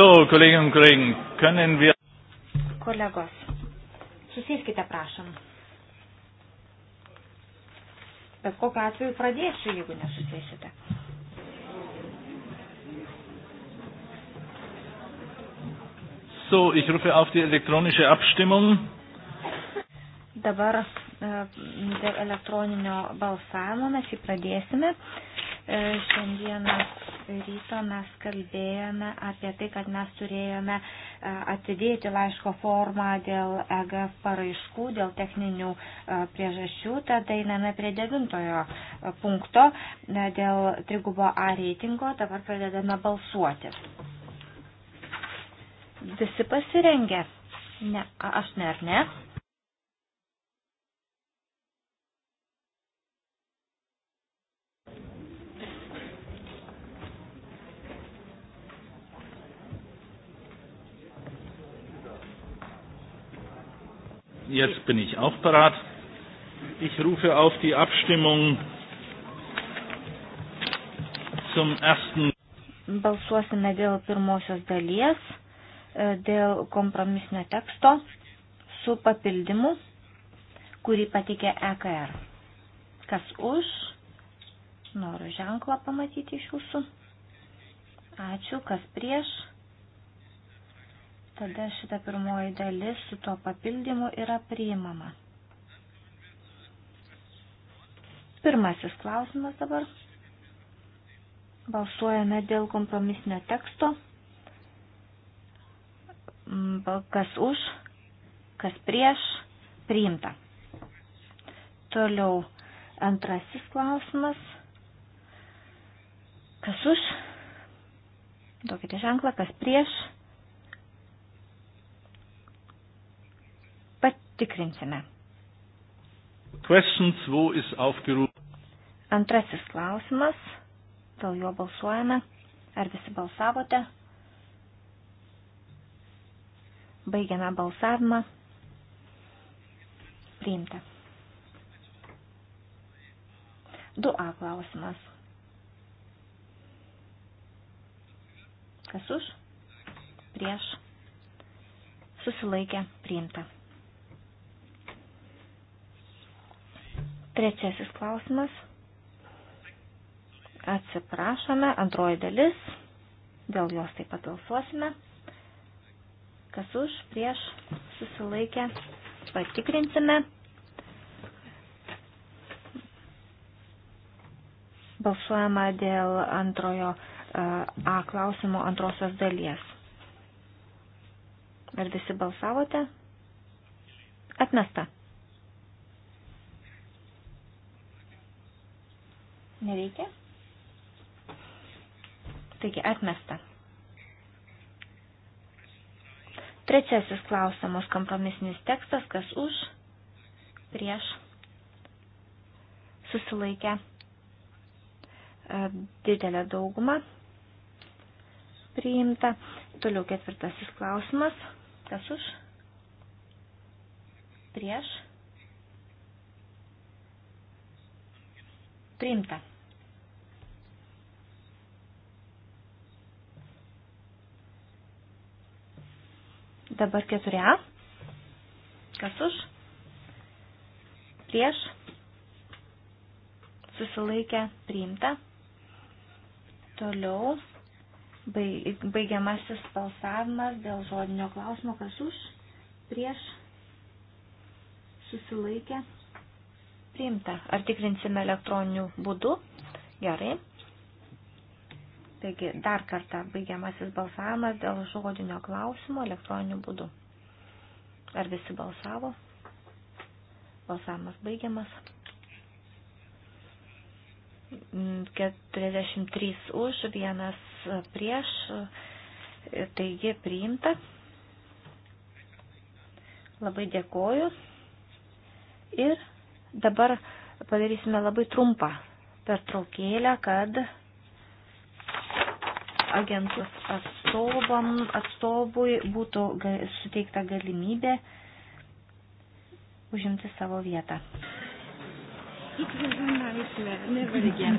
So, Kolleginnen und Kollegen, können wir. Kolegos, susiskite prašom. Bet kokiu atveju pradėsiu, jeigu nesusėsite. So, ich rufe auf die elektronische Abstimmung. Dabar e, dėl elektroninio balsavimo mes jį pradėsime. E, šiandieną ryto mes kalbėjome apie tai, kad mes turėjome e, atidėti laiško formą dėl EGF paraiškų, dėl techninių e, priežasčių. Tada einame prie devintojo e, punkto dėl trigubo A reitingo. Dabar pradedame balsuoti. Visi pasirengę? Ne, aš ne, ar ne? Jetzt bin ich auch parat. Ich rufe auf die Abstimmung zum ersten. Balsuosime dėl pirmosios dalies, e, dėl kompromisinio teksto su papildymu, kurį patikė EKR. Kas už? Noriu ženklą pamatyti iš jūsų. Ačiū. Kas prieš? Tada šita pirmoji dalis su tuo papildymu yra priimama. Pirmasis klausimas dabar. Balsuojame dėl kompromisinio teksto. Mm, kas už, kas prieš, priimta. Toliau antrasis klausimas. Kas už, duokite ženklą, kas prieš, priimta Tikrinsime. Antrasis klausimas. Dėl jo balsuojame. Ar visi balsavote? Baigiame balsavimą. Priimta. 2A klausimas. Kas už? Prieš. Susilaikė. Priimta. Trečiasis klausimas. Atsiprašome, antroji dalis. Dėl jos taip pat balsuosime. Kas už, prieš, susilaikę, patikrinsime. Balsuojama dėl antrojo e, A klausimo antrosios dalies. Ar visi balsavote? Atmesta. Nereikia? Taigi atmesta. Trečiasis klausimas kompromisinis tekstas, kas už, prieš, susilaikę e, didelę daugumą priimta. Toliau ketvirtasis klausimas, kas už, prieš, priimta. Dabar 4a. Kas už? Prieš. Susilaikę priimta. Toliau baigiamasis balsavimas dėl žodinio klausimo. Kas už? Prieš. Susilaikę priimta. Ar tikrinsime elektroniniu būdu? Gerai. Taigi dar kartą baigiamasis balsavimas dėl žodinio klausimo elektroniniu būdu. Ar visi balsavo? Balsavimas baigiamas. 43 mm, už, vienas prieš, taigi priimta. Labai dėkoju. Ir dabar padarysime labai trumpą pertraukėlę, kad agentūros atstovam, atstovui būtų suteikta galimybė užimti savo vietą. Never again.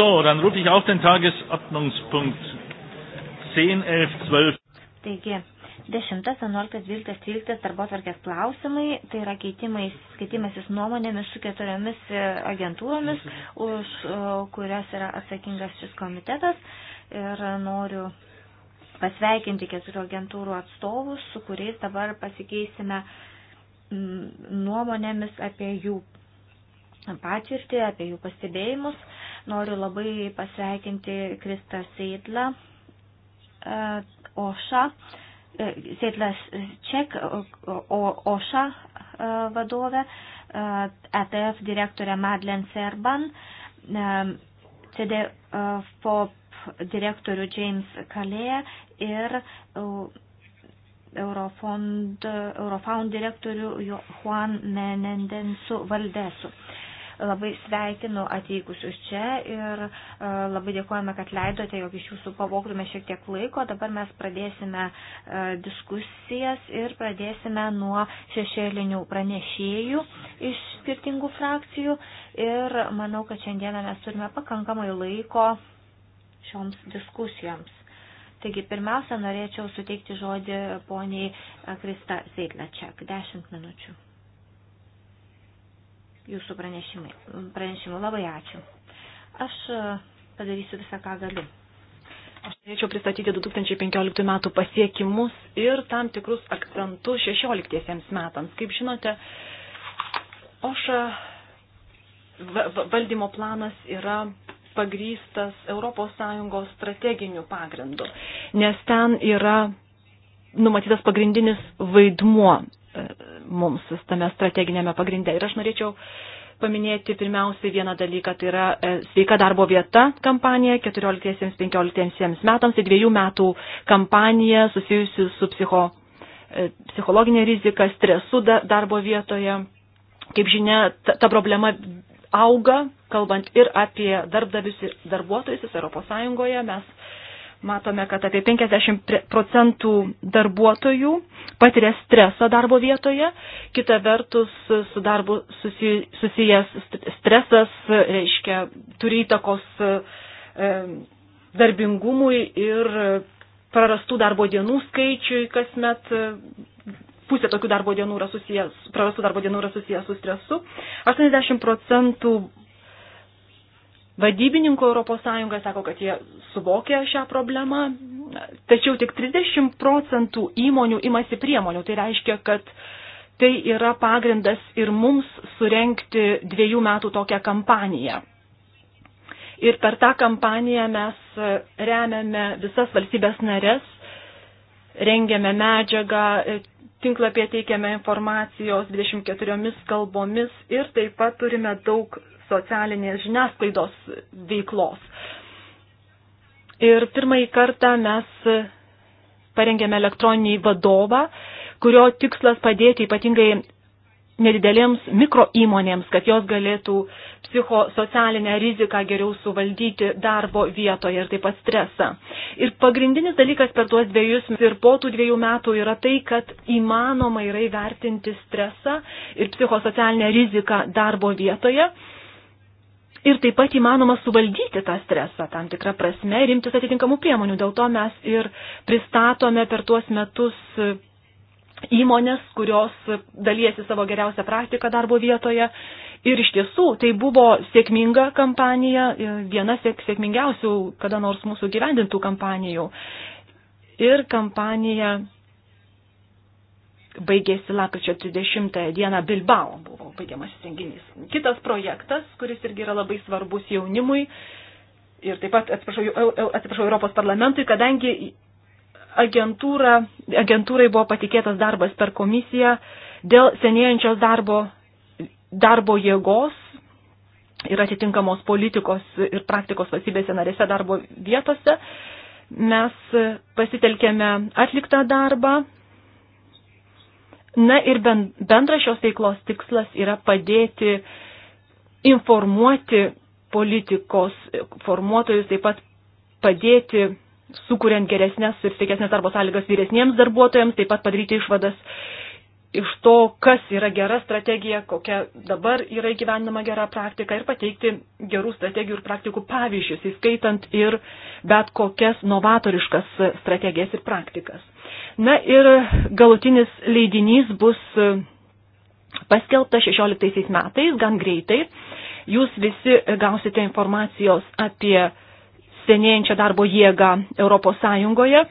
So, dann rufe ich auch den Tagesordnungspunkt 10, 11, 12. Taigi, 10, 11, 12, 13 darbo tvarkės klausimai, tai yra keitimasis nuomonėmis su keturiomis e, agentūromis, už e, kurias yra atsakingas šis komitetas. Ir noriu pasveikinti keturių agentūrų atstovus, su kuriais dabar pasikeisime nuomonėmis apie jų patirtį, apie jų pastebėjimus. Noriu labai pasveikinti Kristą Seidlą, e, Oša, e, Seidlas Ček, Oša e, vadovę, ETF direktorę Madlen Serban, CDFOP direktorių James Kalėje ir Eurofond, Eurofound direktorių Juan Menendensu Valdesu. Uh, Labai sveikinu atvykusius čia ir e, labai dėkojame, kad leidote, jog iš jūsų pavogtume šiek tiek laiko. Dabar mes pradėsime e, diskusijas ir pradėsime nuo šešėlinių pranešėjų iš skirtingų frakcijų. Ir manau, kad šiandieną mes turime pakankamai laiko šioms diskusijoms. Taigi, pirmiausia, norėčiau suteikti žodį poniai Krista Zeidlačiak. Dešimt minučių jūsų pranešimu. Labai ačiū. Aš e, padarysiu visą, ką galiu. Aš norėčiau pristatyti 2015 metų pasiekimus ir tam tikrus akcentus 16 metams. Kaip žinote, OŠA valdymo planas yra pagrystas ES strateginių pagrindų, nes ten yra numatytas pagrindinis vaidmuo E, mums tame strateginėme pagrindė. Ir aš norėčiau paminėti pirmiausiai vieną dalyką, tai yra e, sveika darbo vieta kampanija 14-15 metams, tai dviejų metų kampanija susijusi su psicho, e, psichologinė rizika, stresu darbo vietoje. Kaip žinia, ta, ta problema auga, kalbant ir apie darbdavius ir darbuotojus Europos Sąjungoje. Mes Matome, kad apie 50 procentų darbuotojų patiria stresą darbo vietoje, kita vertus su darbu susijęs stresas reiškia, turi įtakos e, darbingumui ir prarastų darbo dienų skaičiui kasmet pusė tokių darbo dienų yra susijęs, prarastų darbo dienų yra susijęs su stresu. 80 procentų vadybininkų ES sako, kad jie suvokia šią problemą, tačiau tik 30 procentų įmonių imasi priemonių. Tai reiškia, kad tai yra pagrindas ir mums surenkti dviejų metų tokią kampaniją. Ir per tą kampaniją mes remiame visas valstybės narės, rengiame medžiagą, tinklapė teikiame informacijos 24 kalbomis ir taip pat turime daug socialinės žiniasklaidos veiklos. Ir pirmąjį kartą mes parengėme elektroninį vadovą, kurio tikslas padėti ypatingai nedidelėms mikro įmonėms, kad jos galėtų psichosocialinę riziką geriau suvaldyti darbo vietoje ir taip pat stresą. Ir pagrindinis dalykas per tuos dviejus ir po tų dviejų metų yra tai, kad įmanoma yra įvertinti stresą ir psichosocialinę riziką darbo vietoje Ir taip pat įmanoma suvaldyti tą stresą tam tikrą prasme ir imtis atitinkamų priemonių. Dėl to mes ir pristatome per tuos metus e, įmonės, kurios dalyjasi savo geriausią praktiką darbo vietoje. Ir iš tiesų tai buvo sėkminga kampanija, e, viena sėk, sėkmingiausių kada nors mūsų gyvendintų kampanijų. Ir kampanija baigėsi lapkričio 30 dieną Bilbao buvo baigiamasis renginys. Kitas projektas, kuris irgi yra labai svarbus jaunimui ir taip pat atsiprašau, atsiprašau Europos parlamentui, kadangi agentūra, agentūrai buvo patikėtas darbas per komisiją dėl senėjančios darbo, darbo jėgos ir atitinkamos politikos ir praktikos valstybėse narėse darbo vietose. Mes pasitelkėme atliktą darbą, Na ir bendras šios veiklos tikslas yra padėti informuoti politikos formuotojus, taip pat padėti sukuriant geresnės ir sveikesnės darbo sąlygas vyresniems darbuotojams, taip pat padaryti išvadas iš to, kas yra gera strategija, kokia dabar yra įgyvendama gera praktika ir pateikti gerų strategijų ir praktikų pavyzdžius, įskaitant ir bet kokias novatoriškas strategijas ir praktikas. Na ir galutinis leidinys bus e, paskelbta 16 metais, gan greitai. Jūs visi gausite informacijos apie senėjančią darbo jėgą Europos Sąjungoje.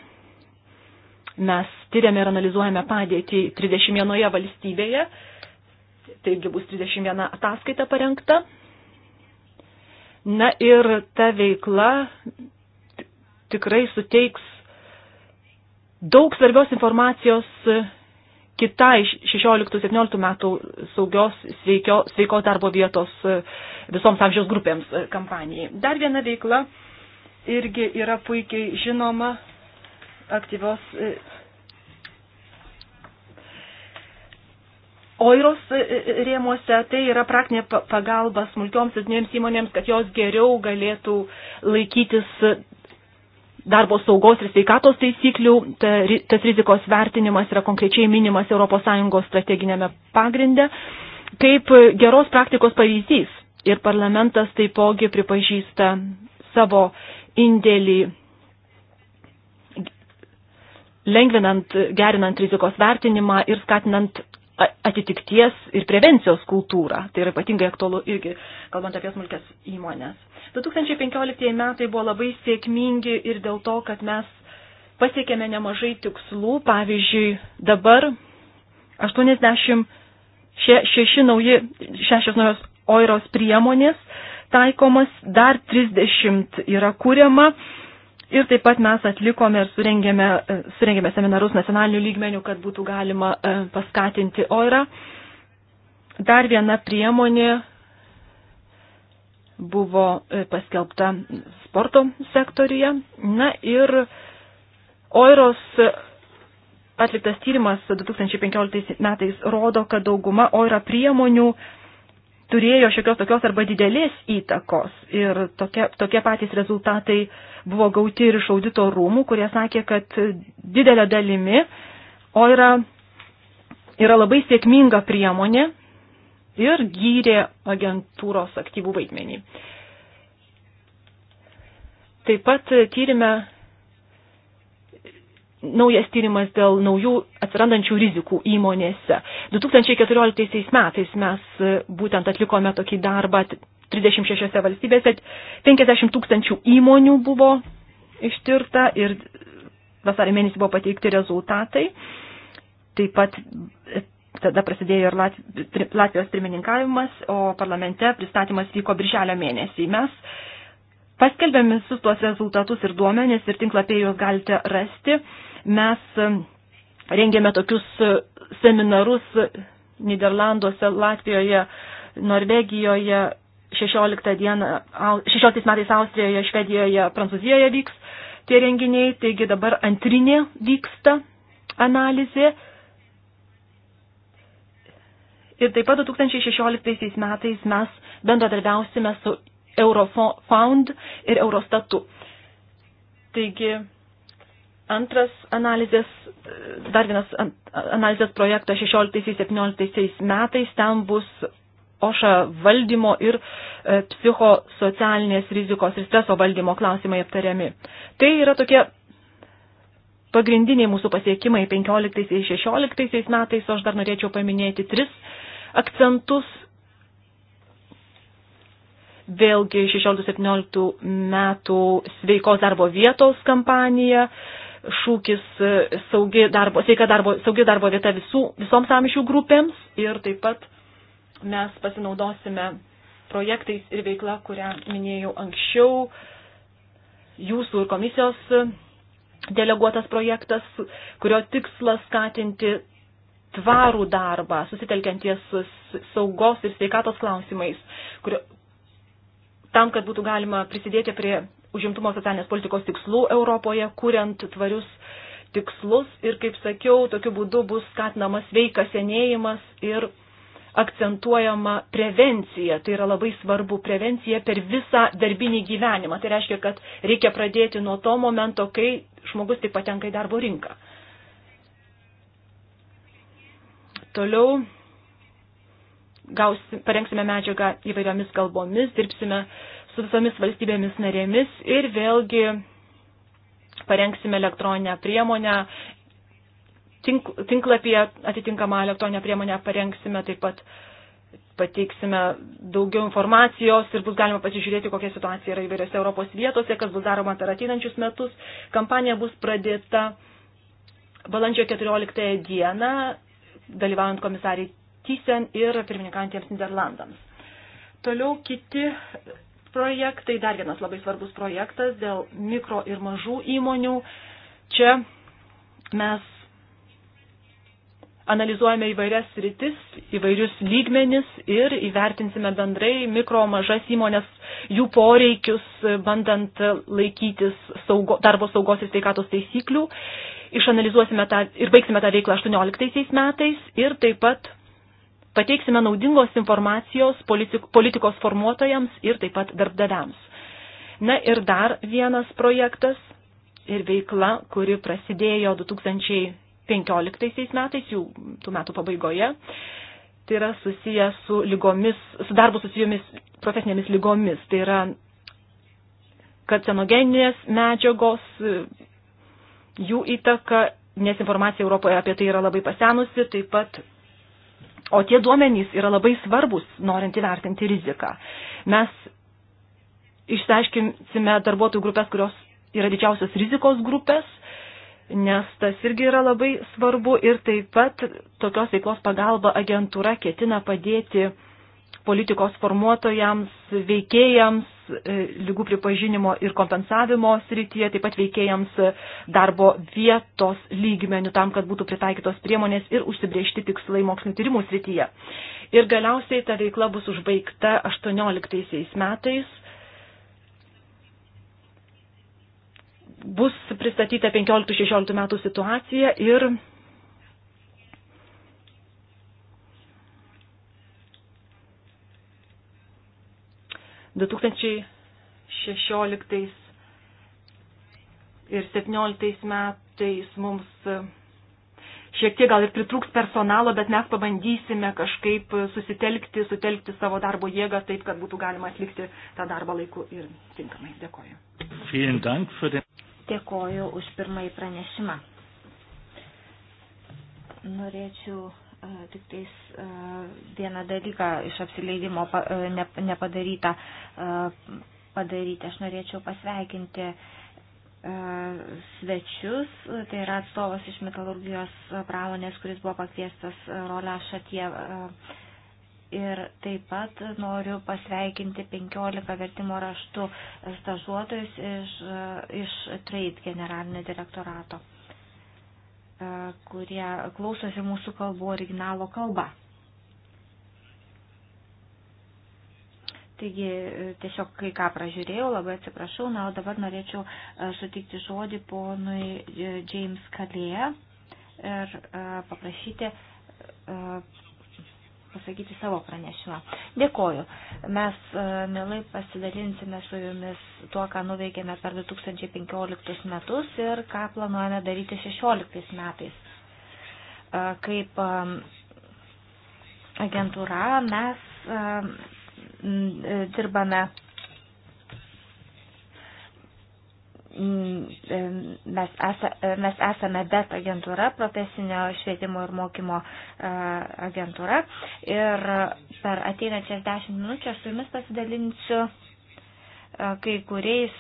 Mes tyriame ir analizuojame padėtį 31 valstybėje. Taigi bus 31 ataskaita parengta. Na ir ta veikla tikrai suteiks daug svarbios informacijos e, kitai 16-17 metų saugios, sveikio, sveiko darbo vietos e, visoms amžiaus grupėms e, kampanijai. Dar viena veikla irgi yra puikiai žinoma aktyvios OIROS rėmuose tai yra praktinė pagalba smulkioms ir dėms įmonėms, kad jos geriau galėtų laikytis darbo saugos ir sveikatos taisyklių, ta, tas rizikos vertinimas yra konkrečiai minimas ES strateginėme pagrindė, kaip geros praktikos pavyzdys. Ir parlamentas taipogi pripažįsta savo indėlį lengvinant, gerinant rizikos vertinimą ir skatinant atitikties ir prevencijos kultūrą. Tai yra ypatingai aktualu irgi, kalbant apie smulkės įmonės. 2015 metai buvo labai sėkmingi ir dėl to, kad mes pasiekėme nemažai tikslų. Pavyzdžiui, dabar 86 nauji, šešios naujos oiros priemonės taikomas, dar 30 yra kūriama Ir taip pat mes atlikome ir surengėme, e, surengėme seminarus nacionalinių lygmenių, kad būtų galima e, paskatinti OIRA. Dar viena priemonė buvo e, paskelbta sporto sektoriuje. Na ir OIROS atliktas tyrimas 2015 metais rodo, kad dauguma OIRA priemonių turėjo šiokios tokios arba didelės įtakos ir tokie, tokie patys rezultatai uh, buvo gauti ir iš audito rūmų, kurie sakė, kad didelė dalimi OIRA yra labai sėkminga priemonė ir gyrė agentūros aktyvų vaidmenį. Taip pat tyrime naujas tyrimas dėl naujų atsirandančių rizikų įmonėse. 2014 metais mes būtent atlikome tokį darbą 36 valstybėse, 50 tūkstančių įmonių buvo ištirta ir vasarį mėnesį buvo pateikti rezultatai. Taip pat e, tada prasidėjo ir Latvijos pirmininkavimas, o parlamente pristatymas vyko birželio mėnesį. Mes paskelbėm visus tuos rezultatus ir duomenis ir tinklapėje juos galite rasti. Mes e, rengėme tokius e, seminarus Niderlanduose, Latvijoje, Norvegijoje, 16, dieną, 16 metais Austrijoje, Švedijoje, Prancūzijoje vyks tie renginiai, taigi dabar antrinė vyksta analizė. Ir taip pat 2016 metais mes bendradarbiausime su Eurofound ir Eurostatu. Taigi antras analizės, dar vienas analizės projektas 16-17 metais, ten bus OŠA valdymo ir e, psichosocialinės rizikos ir streso valdymo klausimai aptariami. Tai yra tokie pagrindiniai mūsų pasiekimai 15 ir 16 metais, o aš dar norėčiau paminėti tris akcentus. Vėlgi 16-17 metų sveikos darbo vietos kampanija, šūkis e, saugi darbo, sveika darbo, saugi darbo vieta visų, visoms amžių grupėms ir taip pat mes pasinaudosime projektais ir veikla, kurią minėjau anksčiau, jūsų ir komisijos deleguotas projektas, kurio tikslas skatinti tvarų darbą, susitelkianties saugos ir sveikatos klausimais, kurio, tam, kad būtų galima prisidėti prie užimtumo socialinės politikos tikslų Europoje, kuriant tvarius tikslus ir, kaip sakiau, tokiu būdu bus skatinamas veikas senėjimas ir akcentuojama prevencija. Tai yra labai svarbu prevencija per visą darbinį gyvenimą. Tai reiškia, kad reikia pradėti nuo to momento, kai žmogus tik patenka į darbo rinką. Toliau gausi, parengsime medžiagą įvairiomis kalbomis, dirbsime su visomis valstybėmis narėmis ir vėlgi parengsime elektroninę priemonę tink, tinklapyje atitinkamą elektroninę priemonę parengsime, taip pat pateiksime daugiau informacijos ir bus galima pasižiūrėti, kokia situacija yra įvairiose Europos vietose, kas bus daroma per ateinančius metus. Kampanija bus pradėta balandžio 14 dieną, dalyvaujant komisariai Tysen ir pirmininkantiems Niderlandams. Toliau kiti projektai, dar vienas labai svarbus projektas dėl mikro ir mažų įmonių. Čia mes analizuojame įvairias rytis, įvairius lygmenis ir įvertinsime bendrai mikro mažas įmonės, jų poreikius, bandant laikytis saugo, darbo saugos ir sveikatos taisyklių. Išanalizuosime tą ir baigsime tą veiklą 18 metais ir taip pat pateiksime naudingos informacijos politikos formuotojams ir taip pat darbdaviams. Na ir dar vienas projektas ir veikla, kuri prasidėjo 2000. 15 metais, jų tų metų pabaigoje. Tai yra susiję su lygomis, su darbu susijomis profesinėmis lygomis. Tai yra karcinogeninės medžiagos, jų įtaka, nes informacija Europoje apie tai yra labai pasenusi, taip pat O tie duomenys yra labai svarbus, norint įvertinti riziką. Mes išsiaiškinsime darbuotojų grupės, kurios yra didžiausios rizikos grupės nes tas irgi yra labai svarbu ir taip pat tokios veiklos pagalba agentūra ketina padėti politikos formuotojams, veikėjams, e, lygų pripažinimo ir kompensavimo srityje, taip pat veikėjams darbo vietos lygmenių tam, kad būtų pritaikytos priemonės ir užsibriežti tikslai mokslinio tyrimų srityje. Ir galiausiai ta veikla bus užbaigta 18 metais bus pristatyta 15-16 metų situacija ir du tūkstančiai šešioliktais ir septynioliktais metais mums šiek tiek gal ir pritrūks personalo, bet mes pabandysime kažkaip susitelkti, sutelkti savo darbo jėgas taip, kad būtų galima atlikti tą darbą laiku ir tinkamai. Dėkoju. Dėkoju už pirmąjį pranešimą. Norėčiau e, tik tais e, vieną dalyką iš apsileidimo e, nepadarytą padaryti. Aš norėčiau pasveikinti svečius, tai yra atstovas iš metalurgijos pramonės, kuris buvo pakviestas Rolę Šatie Ir taip pat noriu pasveikinti 15 vertimo raštų stažuotojus iš, iš Trade generalinio direktorato, e, kurie klausosi mūsų kalbų originalo kalba. Taigi e, tiesiog kai ką pražiūrėjau, labai atsiprašau, na, o dabar norėčiau e, sutikti žodį ponui James Kalėje ir paprašyti pasakyti savo pranešimą. Dėkoju. Mes e, mielai pasidalinsime su jumis tuo, ką nuveikėme per 2015 metus ir ką planuojame daryti 2016 metais. E, kaip e, agentūra mes dirbame Mm, mes, esa, mes esame BET agentūra, profesinio švietimo ir mokymo e, agentūra. Ir per ateinančias dešimt minučių aš su jumis pasidalinsiu e, kai kuriais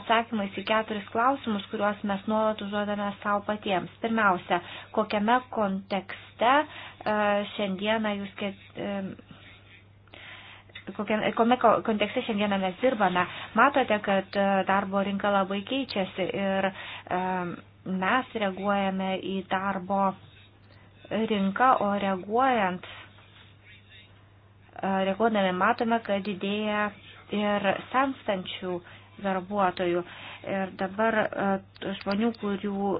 atsakymais į keturis klausimus, kuriuos mes nuolat užduodame savo patiems. Pirmiausia, kokiame kontekste e, šiandieną jūs ket, kokiame kontekste šiandieną mes dirbame, matote, kad e, darbo rinka labai keičiasi ir e, mes reaguojame į darbo rinką, o reaguojant, e, reaguodami matome, kad didėja ir senstančių darbuotojų. Ir dabar žmonių, kurių,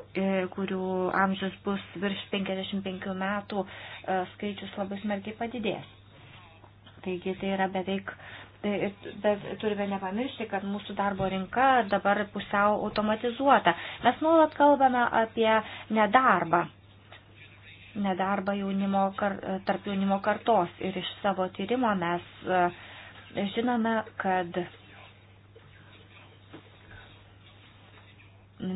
kurių amžius bus virš 55 metų, skaičius labai smarkiai padidės. Taigi tai yra beveik, tai bet turime nepamiršti, kad mūsų darbo rinka dabar pusiau automatizuota. Mes nuolat kalbame apie nedarbą nedarbą jaunimo, tarp jaunimo kartos. Ir iš savo tyrimo mes e, žinome, kad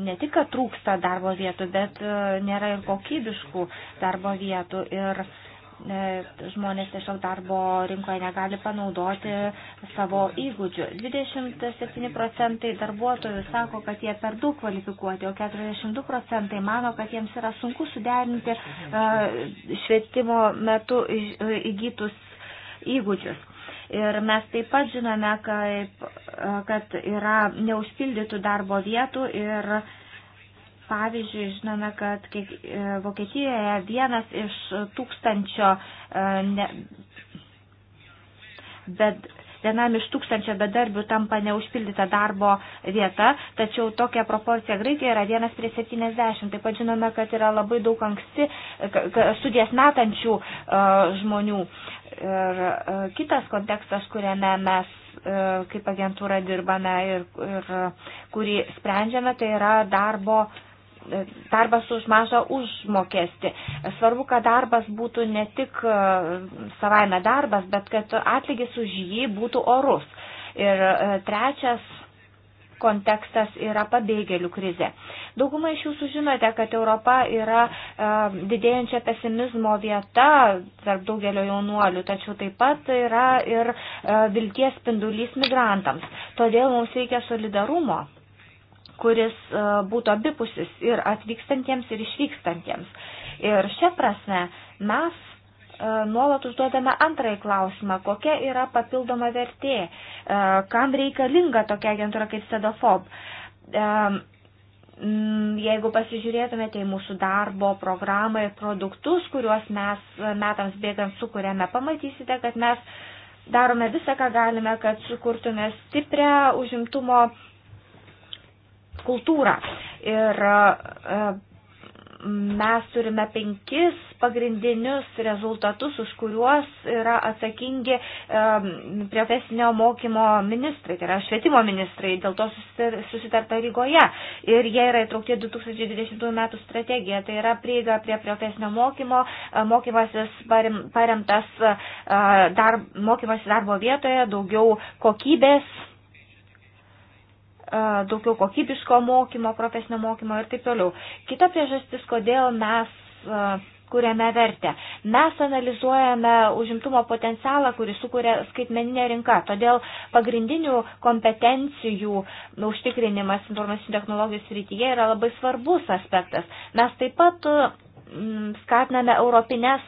ne tik, kad trūksta darbo vietų, bet e, nėra ir kokybiškų darbo vietų. Ir E, žmonės tiesiog darbo rinkoje negali panaudoti savo įgūdžių. 27 procentai darbuotojų sako, kad jie per daug kvalifikuoti, o 42 procentai mano, kad jiems yra sunku suderinti e, švietimo metu e, įgytus įgūdžius. Ir mes taip pat žinome, kaip, kad yra neužpildytų darbo vietų ir uh, Pavyzdžiui, žinome, kad e, Vokietijoje vienas iš tūkstančio, e, ne, bet vienam iš tūkstančio bedarbių tampa neužpildyta darbo vieta, tačiau tokia proporcija Graikijoje yra 1 prie 70. Taip pat žinome, kad yra labai daug anksti studijas metančių e, žmonių. Ir kitas kontekstas, kuriame mes kaip agentūra dirbame ir, ir kurį sprendžiame, tai yra darbo darbas už mažą užmokestį. Svarbu, kad darbas būtų ne tik e, savaime darbas, bet kad atlygis už jį būtų orus. Ir e, trečias kontekstas yra pabėgėlių krizė. Dauguma iš jūsų žinote, kad Europa yra e, didėjančia pesimizmo vieta tarp daugelio jaunuolių, tačiau taip pat yra ir e, vilties spindulys migrantams. Todėl mums reikia solidarumo kuris e, būtų abipusis ir atvykstantiems, ir išvykstantiems. Ir šią prasme mes e, nuolat užduodame antrąjį klausimą, kokia yra papildoma vertė, e, kam reikalinga tokia agentūra kaip Sedofob. Jeigu pasižiūrėtumėte į mūsų darbo programą ir produktus, kuriuos mes metams bėgant sukūrėme, pamatysite, kad mes darome visą, ką galime, kad sukurtume stiprią užimtumo kultūrą. Ir e, mes turime penkis pagrindinius rezultatus, už kuriuos yra atsakingi e, profesinio mokymo ministrai, tai yra švietimo ministrai, dėl to susitarta Rygoje. Ir jie yra įtraukti 2020 metų strategiją, tai yra prieiga prie profesinio mokymo, e, mokymasis paremtas dar, mokymasis darbo vietoje, daugiau kokybės daugiau kokybiško mokymo, profesinio mokymo ir taip toliau. Kita priežastis, kodėl mes kuriame vertę. Mes analizuojame užimtumo potencialą, kurį sukuria skaitmeninė rinka. Todėl pagrindinių kompetencijų užtikrinimas informacinių technologijų srityje yra labai svarbus aspektas. Mes taip pat mm, skatiname europinės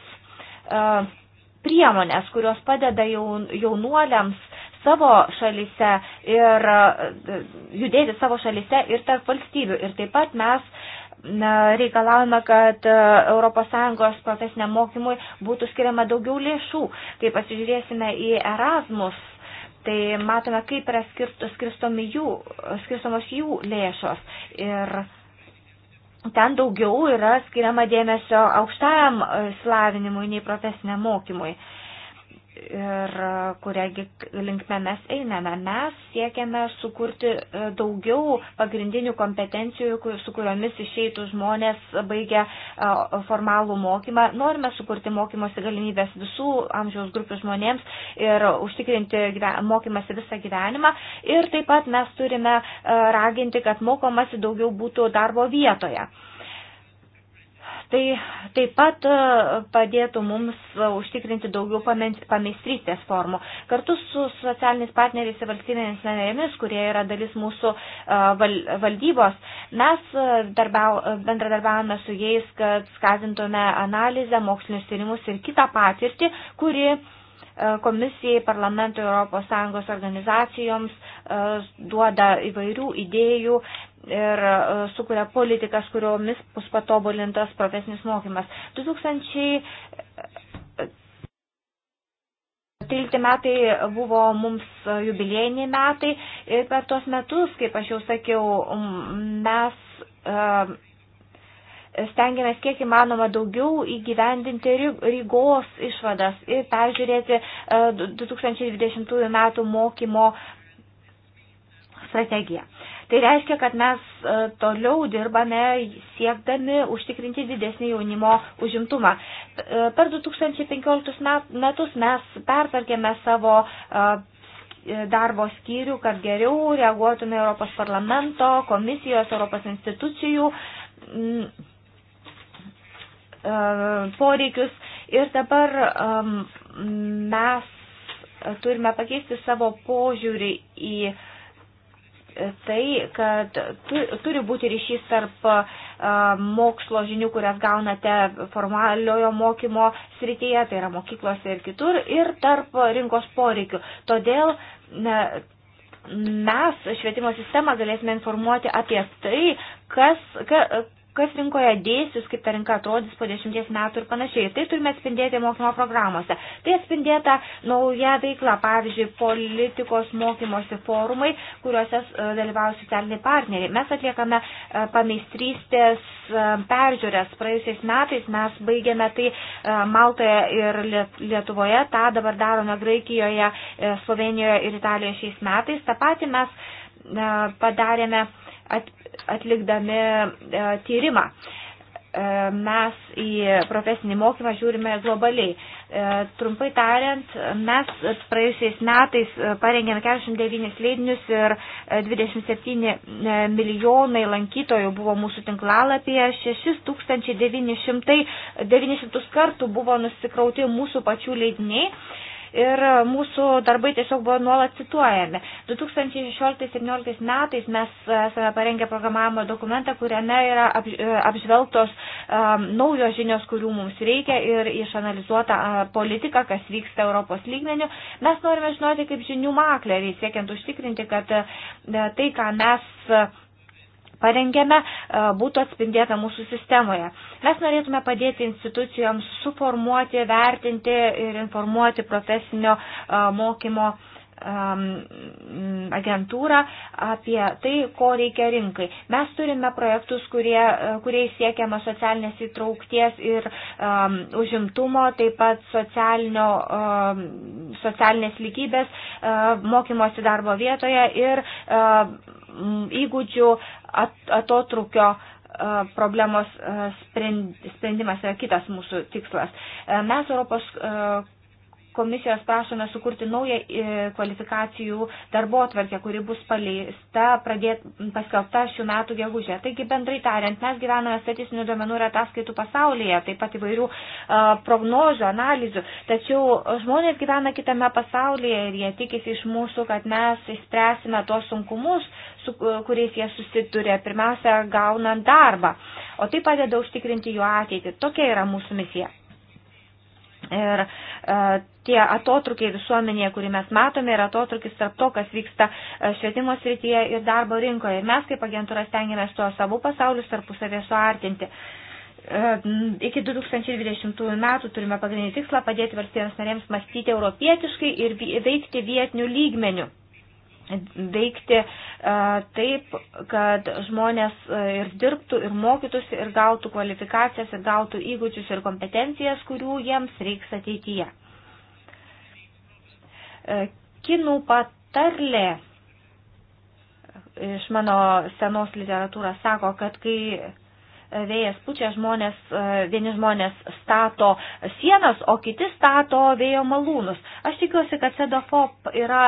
priemonės, kurios padeda jaunuoliams savo šalise ir e, judėti savo šalise ir tarp valstybių. Ir taip pat mes reikalavome, kad ES profesiniam mokymui būtų skiriama daugiau lėšų. Kai pasižiūrėsime į Erasmus, tai matome, kaip yra jų, skirstomos jų lėšos. Ir ten daugiau yra skiriama dėmesio aukštajam e, slavinimui nei profesiniam mokymui. Uh, ir e, kuriagi linkme mes einame. Mes siekiame sukurti e, daugiau pagrindinių kompetencijų, su kuriomis išeitų žmonės baigę e, formalų mokymą. Norime sukurti mokymosi galimybės visų amžiaus grupių žmonėms ir užtikrinti mokymasi visą gyvenimą. Ir taip pat mes turime raginti, kad mokomasi daugiau būtų darbo vietoje. Tai taip pat e, padėtų mums e, užtikrinti daugiau pameistrystės formų. Kartu su socialiniais partneriais ir valstybėmis narėmis, kurie yra dalis mūsų e, valdybos, mes darbiau, bendradarbiavame su jais, kad skatintume analizę, mokslinius tyrimus ir kitą patirtį, kuri E, komisijai, parlamentui, ES organizacijoms e, duoda įvairių idėjų ir e, sukuria politikas, kuriomis bus patobulintas profesinis mokymas. 2013 metai buvo mums jubiliejiniai metai ir per tuos metus, kaip aš jau sakiau, mes stengiamės kiek įmanoma daugiau įgyvendinti Rygos išvadas ir peržiūrėti 2020 e, m. mokymo strategiją. Tai reiškia, kad mes e, toliau dirbame siekdami užtikrinti didesnį jaunimo užimtumą. E, per 2015 metus mes pertvarkėme savo darbo skyrių, kad geriau reaguotume Europos parlamento, komisijos, Europos institucijų. Mm E, poreikius. Ir dabar mes turime pakeisti savo požiūrį į tai, kad turi būti ryšys tarp e, mokslo žinių, kurias gaunate formaliojo mokymo srityje, tai yra mokyklose ir kitur, ir tarp rinkos poreikių. Todėl mes švietimo sistemą galėsime informuoti apie tai, kas, ka, kas rinkoje dėsis, kaip ta rinka atrodys po dešimties metų ir panašiai. Tai turime atspindėti mokymo programuose. Tai atspindėta nauja veikla, pavyzdžiui, politikos mokymosi forumai, kuriuose e, dalyvauja socialiniai partneriai. Mes atliekame e, pameistrystės e, peržiūrės. Praėjusiais metais mes baigėme tai Maltoje ir Lietuvoje, tą dabar darome Graikijoje, Slovenijoje ir Italijoje šiais metais. Ta pati mes padarėme at, atlikdami e, tyrimą. E, mes į profesinį mokymą žiūrime globaliai. E, trumpai tariant, mes praėjusiais metais parengėme 49 leidinius ir 27 milijonai lankytojų buvo mūsų tinklalapyje, 6900 900 kartų buvo nusikrauti mūsų pačių leidiniai ir mūsų darbai tiesiog buvo nuolat cituojami. 2016-2017 metais mes esame parengę programavimo dokumentą, kuriame yra apžvelgtos um, naujos žinios, kurių mums reikia ir išanalizuota uh, politika, kas vyksta Europos lygmeniu. Mes norime žinoti kaip žinių makleriai, siekiant užtikrinti, kad uh, tai, ką mes uh, parengėme, e, būtų atspindėta mūsų sistemoje. Mes norėtume padėti institucijoms suformuoti, vertinti ir informuoti profesinio e, mokymo Um, agentūrą apie tai, ko reikia rinkai. Mes turime projektus, kurie, uh, kuriais siekiama socialinės įtraukties ir um, užimtumo, taip pat um, socialinės lygybės, um, mokymosi darbo vietoje ir um, įgūdžių at, atotrukio problemos sprendimas yra kitas mūsų tikslas. Mes Europos komisijos prašome sukurti naują e, kvalifikacijų darbo atvarkę, kuri bus paleista, pradėt, paskelbta šių metų gegužė. Taigi, bendrai tariant, mes gyvename statistinių duomenų ir ataskaitų pasaulyje, taip pat įvairių e, prognozių, analizių, tačiau žmonės gyvena kitame pasaulyje ir jie tikisi iš mūsų, kad mes įspręsime tos sunkumus, su e, kuriais jie susiduria, pirmiausia, gaunant darbą, o tai padeda užtikrinti jų ateitį. Tokia yra mūsų misija. Ir e, tie atotrukiai visuomenėje, kurį mes matome, yra atotrukis tarp to, kas vyksta e, švietimo srityje ir darbo rinkoje. Ir mes kaip agentūra stengiamės tuos abu pasaulius tarpusavėje suartinti e, iki 2020 metų turime pagrindinį tikslą padėti valstybėms narėms mąstyti europietiškai ir veikti vietinių lygmenių. Veikti e, taip, kad žmonės ir dirbtų, ir mokytųsi, ir gautų kvalifikacijas, ir gautų įgūdžius ir kompetencijas, kurių jiems reiks ateityje. E, kinų patarlė iš mano senos literatūros sako, kad kai vėjas pučia žmonės, e, vieni žmonės stato sienas, o kiti stato vėjo malūnus. Aš tikiuosi, kad Sedofop yra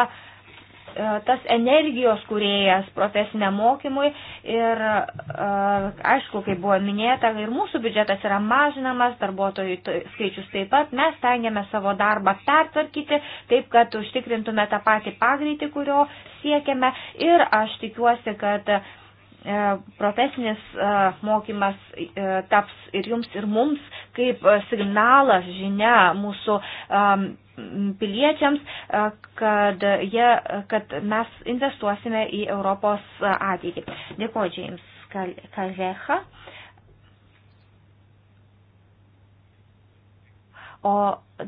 tas energijos kuriejas profesiniam mokymui ir e, aišku, kaip buvo minėta, ir mūsų biudžetas yra mažinamas, darbuotojų skaičius taip pat, mes tengiame savo darbą pertvarkyti taip, kad užtikrintume tą patį pagreitį, kurio siekiame ir aš tikiuosi, kad E, profesinis e, mokymas e, taps ir jums, ir mums kaip signalas, žinia mūsų piliečiams, kad, jie, kad mes investuosime į Europos ateitį. Dėkuoju, James Kazecha. O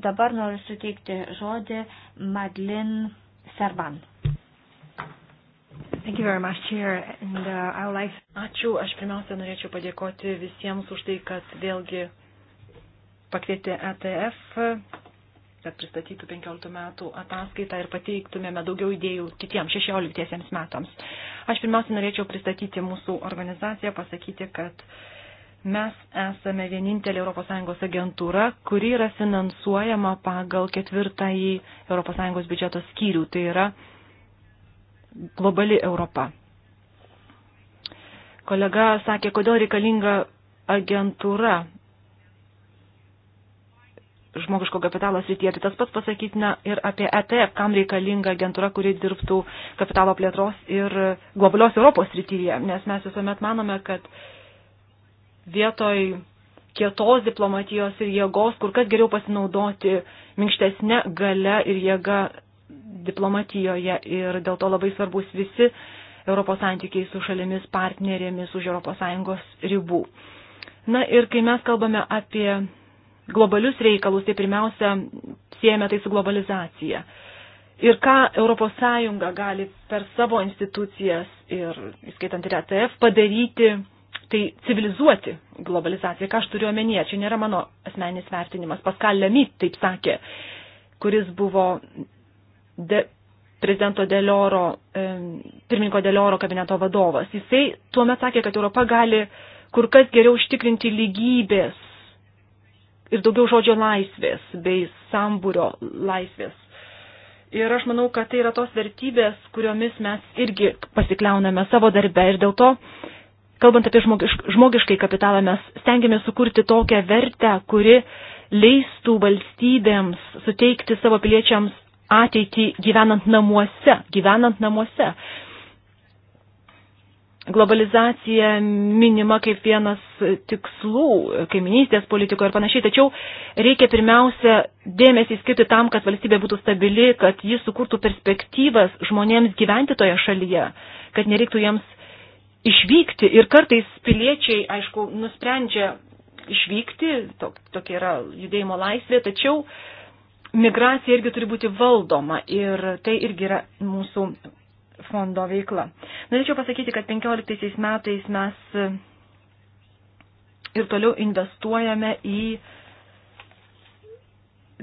dabar noriu suteikti žodį Madlin Serban. Uh, Ačiū, aš pirmiausia norėčiau padėkoti visiems už tai, kad vėlgi pakvietė ETF, kad pristatytų 15 metų ataskaitą ir pateiktumėme daugiau idėjų kitiems 16 metams. Aš pirmiausia norėčiau pristatyti mūsų organizaciją, pasakyti, kad mes esame vienintelė ES agentūra, kuri yra finansuojama pagal ketvirtąjį ES biudžeto skyrių. Tai yra globali Europa. Kolega sakė, kodėl reikalinga agentūra žmogiško kapitalo srityje. Tai tas pats pasakytina ir apie ETF, kam reikalinga agentūra, kuri dirbtų kapitalo plėtros ir globalios Europos srityje. Nes mes visuomet manome, kad vietoj kietos diplomatijos ir jėgos kur kas geriau pasinaudoti minkštesnė gale ir jėga diplomatijoje ir dėl to labai svarbus visi Europos santykiai su šalimis partnerėmis už ES ribų. Na ir kai mes kalbame apie globalius reikalus, tai pirmiausia, siejame tai su globalizacija. Ir ką ES gali per savo institucijas ir, įskaitant ir ETF, padaryti, tai civilizuoti globalizaciją. Ką aš turiu omenyje, čia nėra mano asmeninis vertinimas. Paskal Lemy taip sakė, kuris buvo de, prezidento Delioro, e, pirmininko Delioro kabineto vadovas. Jisai tuomet sakė, kad Europa gali kur kas geriau užtikrinti lygybės ir daugiau žodžio laisvės bei sambūrio laisvės. Ir aš manau, kad tai yra tos vertybės, kuriomis mes irgi pasikliauname savo darbę. Ir dėl to, kalbant apie žmogiškai kapitalą, mes stengiamės sukurti tokią vertę, kuri leistų valstybėms suteikti savo piliečiams ateitį gyvenant namuose, gyvenant namuose. Globalizacija minima kaip vienas tikslų kaiminystės politikoje ir panašiai, tačiau reikia pirmiausia dėmesį skirti tam, kad valstybė būtų stabili, kad jis sukurtų perspektyvas žmonėms gyventi toje šalyje, kad nereiktų jiems išvykti ir kartais piliečiai, aišku, nusprendžia išvykti, tokia yra judėjimo laisvė, tačiau uh, migracija irgi turi būti valdoma ir tai irgi yra mūsų fondo veikla. Norėčiau pasakyti, kad 15 metais mes e, ir toliau investuojame į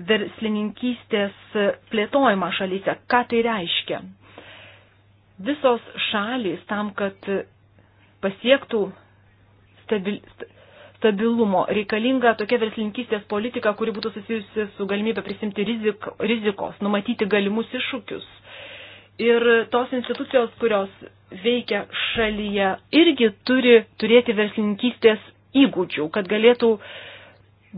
verslininkystės plėtojimą šalyse. Ką tai reiškia? Visos šalys tam, kad pasiektų stabil, stabilumo. Reikalinga tokia verslininkystės politika, kuri būtų susijusi su galimybė prisimti rizik, rizikos, numatyti galimus iššūkius. Ir tos institucijos, kurios veikia šalyje, irgi turi turėti verslininkystės įgūdžių, kad galėtų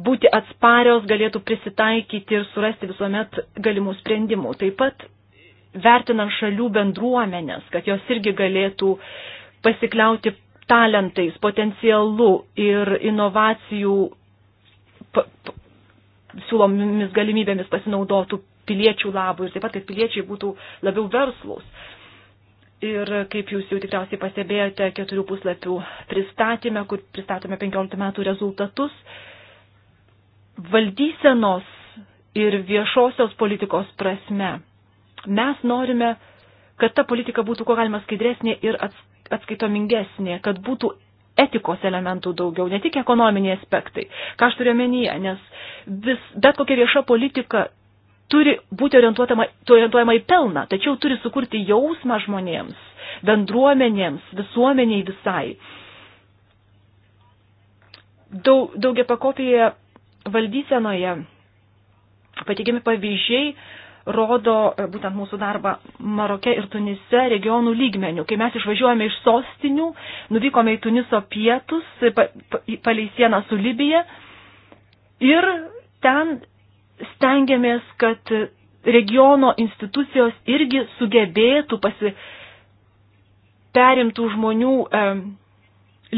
būti atsparios, galėtų prisitaikyti ir surasti visuomet galimų sprendimų. Taip pat vertinant šalių bendruomenės, kad jos irgi galėtų pasikliauti talentais, potencialu ir inovacijų siūlomis galimybėmis pasinaudotų piliečių labų ir taip pat, kad piliečiai būtų labiau verslus. Ir kaip jūs jau tikriausiai pastebėjote, keturių puslapių pristatymę, kur pristatome 15 metų rezultatus, valdysenos ir viešosios politikos prasme mes norime, kad ta politika būtų kuo galima skaidresnė ir atstovaujanti atskaitomingesnė, kad būtų etikos elementų daugiau, ne tik ekonominiai aspektai. Ką aš turiu omenyje, nes vis, bet kokia vieša politika turi būti orientuojama, orientuojama į pelną, tačiau turi sukurti jausmą žmonėms, bendruomenėms, visuomeniai visai. Daug, daugia pakopėje valdysenoje patikimi pavyzdžiai rodo e, būtent mūsų darbą Maroke ir Tunise regionų lygmenių. Kai mes išvažiuojame iš sostinių, nuvykome į Tuniso pietus, e, palei sieną su Libija ir ten stengiamės, kad regiono institucijos irgi sugebėtų pasi perimtų žmonių e,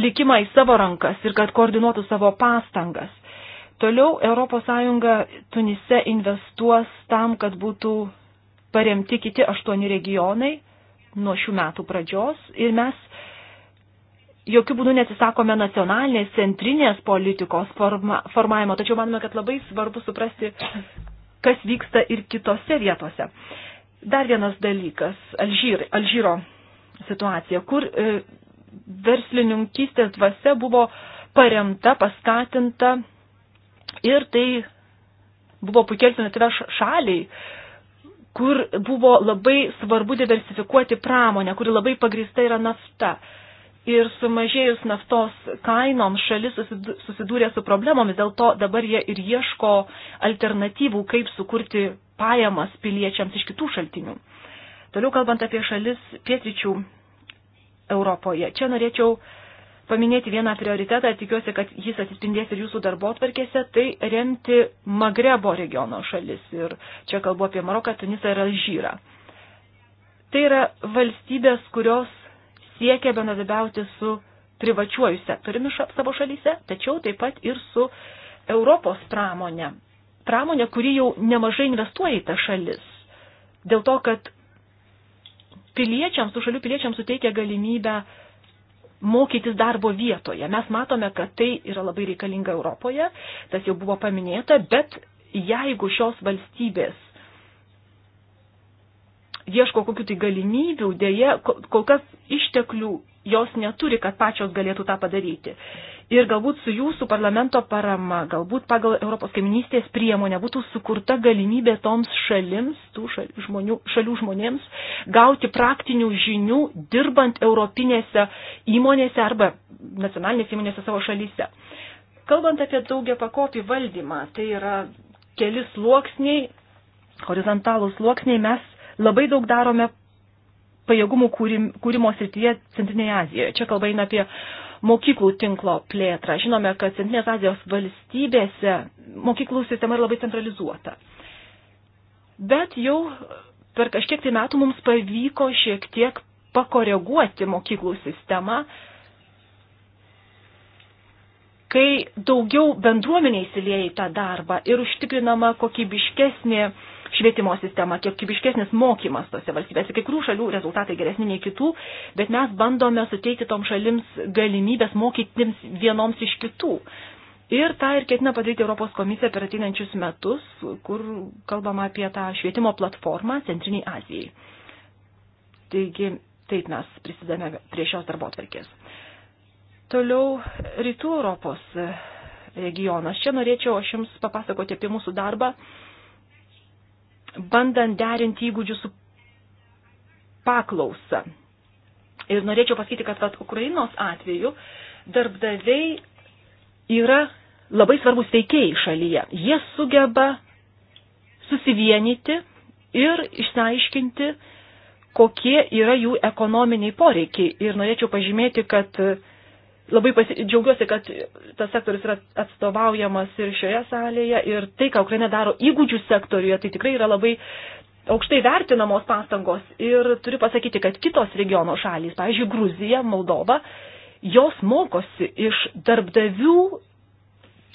likimą į savo rankas ir kad koordinuotų savo pastangas. Toliau ES Tunise investuos tam, kad būtų paremti kiti aštuoni regionai nuo šių metų pradžios ir mes jokių būdų nesisakome nacionalinės centrinės politikos forma, formavimo, tačiau manome, kad labai svarbu suprasti, kas vyksta ir kitose vietose. Dar vienas dalykas - Alžyr, Alžyro situacija, kur e, verslininkystės dvasia buvo paremta, paskatinta Ir tai buvo puikiai alternatyva šaliai, kur buvo labai svarbu diversifikuoti pramonę, kuri labai pagrįsta yra nafta. Ir sumažėjus naftos kainom šalis susidūrė su problemomis, dėl to dabar jie ir ieško alternatyvų, kaip sukurti pajamas piliečiams iš kitų šaltinių. Toliau kalbant apie šalis pietryčių Europoje. Čia norėčiau uh, paminėti vieną prioritetą, tikiuosi, kad jis atsispindės ir jūsų darbo atvarkėse, tai remti Magrebo regiono šalis. Ir čia kalbu apie Maroką, Tunisą ir Alžyrą. Tai yra valstybės, kurios siekia bendradarbiauti su privačiuoju sektoriumi ša, savo šalyse, tačiau taip pat ir su Europos pramonė. Pramonė, kuri jau nemažai investuoja į tą šalis. Dėl to, kad piliečiams, tų šalių piliečiams suteikia galimybę uh, mokytis darbo vietoje. Mes matome, kad tai yra labai reikalinga Europoje, tas jau buvo paminėta, bet jeigu šios valstybės ieško kokių tai galimybių, dėje kol kas išteklių jos neturi, kad pačios galėtų tą padaryti. Ir galbūt su jūsų parlamento parama, galbūt pagal Europos kaiminystės priemonę būtų sukurta galimybė toms šalims, tų šalių, žmonių, šalių žmonėms gauti praktinių žinių dirbant europinėse įmonėse arba nacionalinėse įmonėse savo šalyse. Kalbant apie daugia pakopį valdymą, tai yra keli sluoksniai, horizontalų sluoksniai, mes labai daug darome pajėgumų kūrimo srityje Centrinėje Azijoje. Čia kalba eina apie mokyklų tinklo plėtrą. Žinome, kad Centrinės Azijos valstybėse mokyklų sistema yra labai centralizuota. Bet jau per kažkiek tai metų mums pavyko šiek tiek pakoreguoti mokyklų sistemą, kai daugiau bendruomeniai įsilieja į tą darbą ir užtikrinama kokybiškesnė uh, švietimo sistema, kiekybiškesnis mokymas tose valstybėse. Kai kurių šalių rezultatai geresni nei kitų, bet mes bandome suteikti tom šalims galimybės mokytims vienoms iš kitų. Ir tą ir ketina padaryti Europos komisija per ateinančius metus, kur kalbama apie tą švietimo platformą Centriniai Azijai. Taigi, taip mes prisidame prie šios darbo atvarkės. Toliau rytų Europos regionas. Čia norėčiau aš Jums papasakoti apie mūsų darbą bandant derinti įgūdžių su paklausa. Ir norėčiau pasakyti, kad vat, Ukrainos atveju darbdaviai yra labai svarbus veikėjai šalyje. Jie sugeba susivienyti ir išsiaiškinti, kokie yra jų ekonominiai poreikiai. Ir norėčiau pažymėti, kad uh, labai pasi... džiaugiuosi, kad tas sektorius yra atstovaujamas ir šioje salėje ir tai, ką Ukraina daro įgūdžių sektoriuje, tai tikrai yra labai aukštai vertinamos pastangos. Ir turiu pasakyti, kad kitos regiono šalys, pavyzdžiui, Gruzija, Moldova, jos mokosi iš darbdavių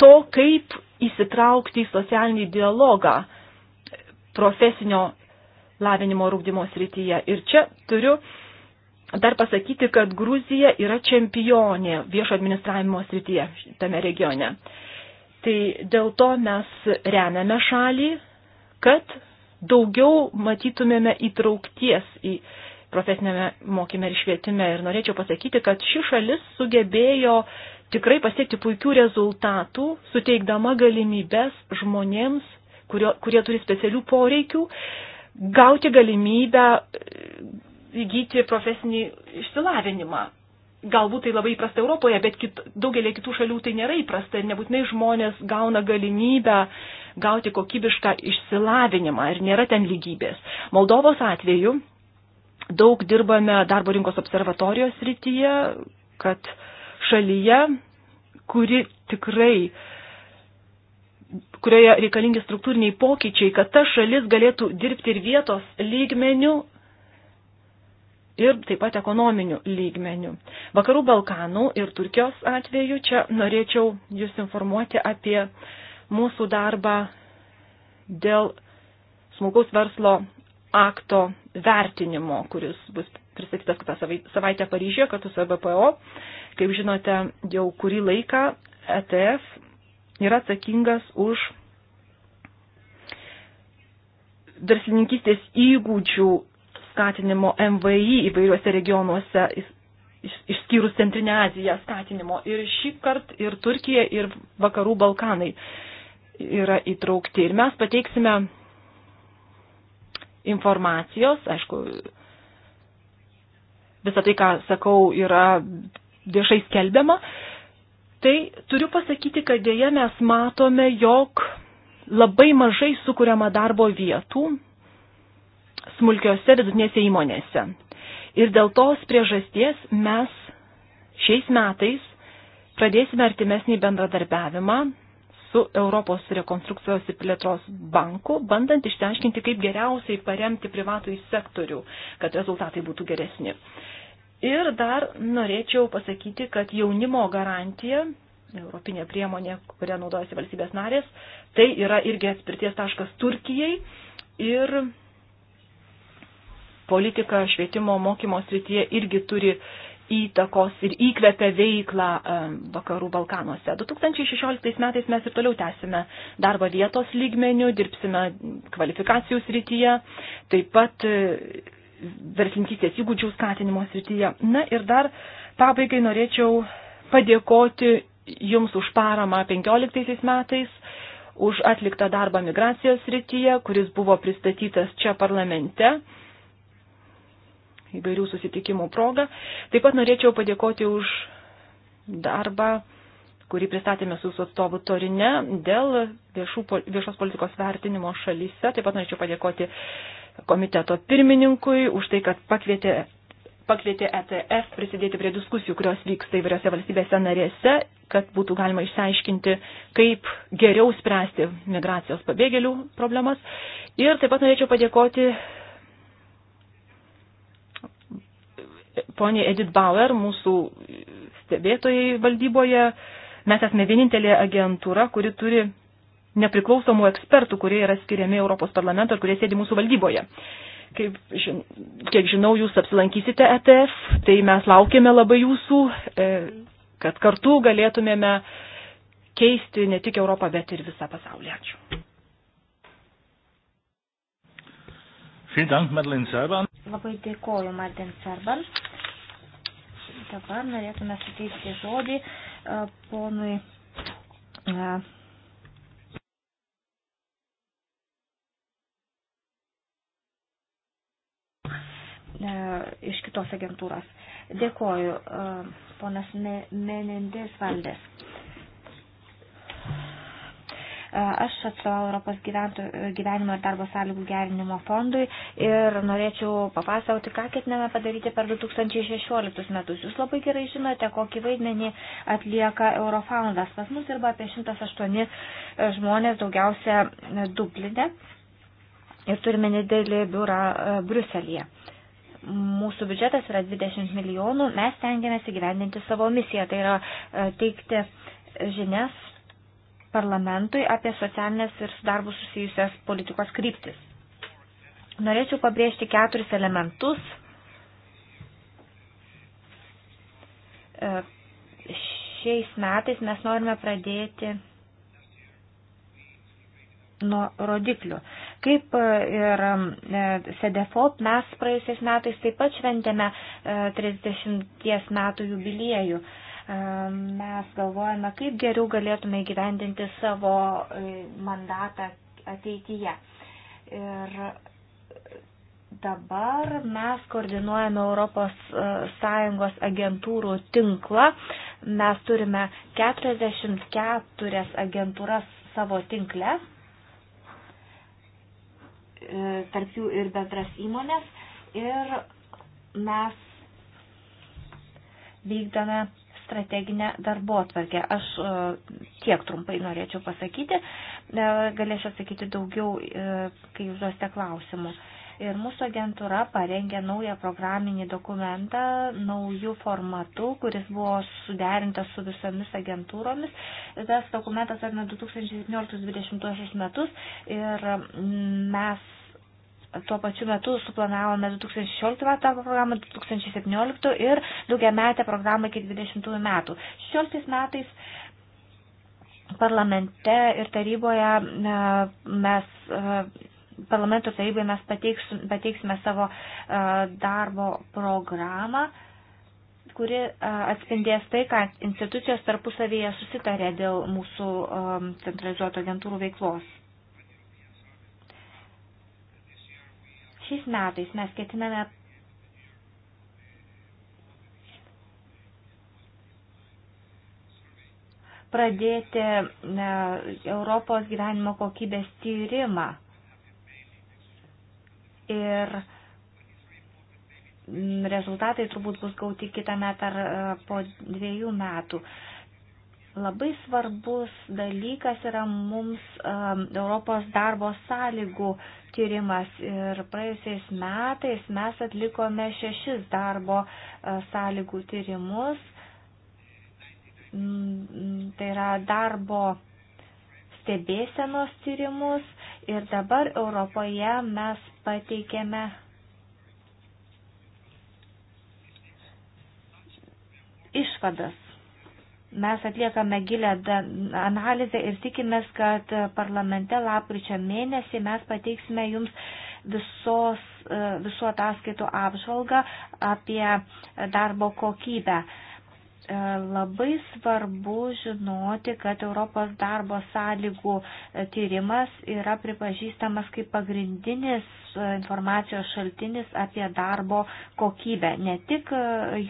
to, kaip įsitraukti į socialinį dialogą profesinio lavinimo rūkdymo srityje. Ir čia turiu uh, dar pasakyti, kad Gruzija yra čempionė viešo administravimo srityje tame regione. Tai dėl to mes remiame šalį, kad daugiau matytumėme įtraukties į profesinėme mokyme ir švietime. Ir norėčiau pasakyti, kad ši šalis sugebėjo tikrai pasiekti puikių rezultatų, suteikdama galimybės žmonėms, kurio, kurie turi specialių poreikių, gauti galimybę įgyti profesinį išsilavinimą. Galbūt tai labai įprasta Europoje, bet kit, daugelį kitų šalių tai nėra įprasta ir nebūtinai žmonės gauna galimybę gauti kokybišką išsilavinimą ir nėra ten lygybės. Moldovos atveju daug dirbame darbo rinkos observatorijos rytyje, kad šalyje, kuri tikrai kurioje reikalingi struktūriniai pokyčiai, kad ta šalis galėtų dirbti ir vietos lygmenių, ir taip pat ekonominių lygmenių. Vakarų Balkanų ir Turkijos atveju čia norėčiau Jūs informuoti apie mūsų darbą dėl smulkaus verslo akto vertinimo, kuris bus pristatytas kitą savaitę Paryžioje kartu su e BPO. Kaip žinote, jau kurį laiką ETF yra atsakingas už verslininkystės įgūdžių skatinimo MVI įvairiuose regionuose, išskyrus Centrinę Aziją skatinimo. Ir šį kartą ir Turkija, ir Vakarų Balkanai yra įtraukti. Ir mes pateiksime informacijos, aišku, visą tai, ką sakau, yra viešai skelbiama. Tai turiu pasakyti, kad dėje mes matome, jog labai mažai sukuriama darbo vietų smulkiose vidutinėse įmonėse. Ir dėl tos priežasties mes šiais metais pradėsime artimesnį bendradarbiavimą su Europos rekonstrukcijos ir plėtros banku, bandant išsiaiškinti, kaip geriausiai paremti privatų į sektorių, kad rezultatai būtų geresni. Ir dar norėčiau pasakyti, kad jaunimo garantija, europinė priemonė, kurią naudojasi valstybės narės, tai yra irgi atspirties taškas Turkijai. Ir politika švietimo mokymo srityje irgi turi įtakos ir įkvepia veiklą vakarų Balkanuose. 2016 metais mes ir toliau tęsime darbą vietos lygmenių, dirbsime kvalifikacijų srityje, taip pat e, verslininkystės įgūdžių skatinimo srityje. Na ir dar pabaigai norėčiau padėkoti Jums už paramą 15 metais, už atliktą darbą migracijos srityje, kuris buvo pristatytas čia parlamente įvairių susitikimų progą. Taip pat norėčiau padėkoti už darbą, kurį pristatėme su jūsų atstovu Torine dėl viešų, viešos politikos vertinimo šalyse. Taip pat norėčiau padėkoti komiteto pirmininkui už tai, kad pakvietė pakvietė ETF prisidėti prie diskusijų, kurios vyksta įvairiose valstybėse narėse, kad būtų galima išsiaiškinti, kaip geriau spręsti migracijos pabėgėlių problemas. Ir taip pat norėčiau padėkoti ponė Edith Bauer, mūsų stebėtojai valdyboje, mes esame vienintelė agentūra, kuri turi nepriklausomų ekspertų, kurie yra skiriami Europos parlamento ir kurie sėdi mūsų valdyboje. Kaip, žin, kiek žinau, jūs apsilankysite ETF, tai mes laukiame labai jūsų, e, kad kartu galėtumėme keisti ne tik Europą, bet ir visą pasaulį. Ačiū. Vielen Dank, Madeleine Selber. Labai dėkoju, Martin Serban. Dabar norėtume suteikti žodį e, ponui e, e, iš kitos agentūros. Dėkoju, ponas Menendės Valdės. Aš atstovau Europos gyvenimo ir darbo sąlygų gerinimo fondui ir norėčiau papasakoti, ką ketiname padaryti per 2016 metus. Jūs labai gerai žinote, kokį vaidmenį atlieka Eurofoundas. Pas mus dirba apie 108 e, žmonės, daugiausia e, Dublinė ir turime nedidelį biurą e, Bruselėje. Mūsų biudžetas yra 20 milijonų, mes tengiamės įgyvendinti savo misiją, tai yra teikti žinias parlamentui apie socialinės ir su darbu susijusias politikos kryptis. Norėčiau pabrėžti keturis elementus e, šiais metais mes norime pradėti nuo rodiklių. Kaip e, ir e, SEDEFOP mes praėjusiais metais taip pat šventėme 30 metų jubiliejų. Mes galvojame, kaip geriau galėtume įgyvendinti savo e, mandatą ateityje. Ir dabar mes koordinuojame Europos e, Sąjungos agentūrų tinklą. Mes turime 44 agentūras savo tinkle, e, tarp jų ir bendras įmonės. Ir mes vykdome strateginę darbo atvarkę. Aš e, tiek trumpai norėčiau pasakyti, e, galėčiau sakyti daugiau, e, kai jūs duosite klausimų. Ir mūsų agentūra parengė naują programinį dokumentą naujų formatų, kuris buvo suderintas su visomis agentūromis. Tas dokumentas apima 2017-2020 metus ir mm, mes tuo pačiu metu suplanavome 2016 metų darbo programą, 2017 ir daugiametę programą iki 2020 metų. 16 metais parlamente ir taryboje e, mes e, parlamento taryboje mes pateiksime savo e, darbo programą kuri atspindės tai, kad institucijos tarpusavyje susitarė dėl mūsų centralizuoto agentūrų veiklos. Šiais metais mes ketiname pradėti Europos gyvenimo kokybės tyrimą. Ir rezultatai turbūt bus gauti kitą metą ar e, po dviejų metų. Labai svarbus dalykas yra mums e, Europos darbo sąlygų tyrimas ir praėjusiais metais mes atlikome šešis darbo e, sąlygų tyrimus. Mm, tai yra darbo stebėsenos tyrimus ir dabar Europoje mes pateikėme išvadas Mes atliekame gilę analizę ir tikimės, kad parlamente lapkričio mėnesį mes pateiksime jums visos, e, visų ataskaitų apžvalgą apie darbo kokybę. E, labai svarbu žinoti, kad Europos darbo sąlygų e, tyrimas yra pripažįstamas kaip pagrindinis e, informacijos šaltinis apie darbo kokybę, ne tik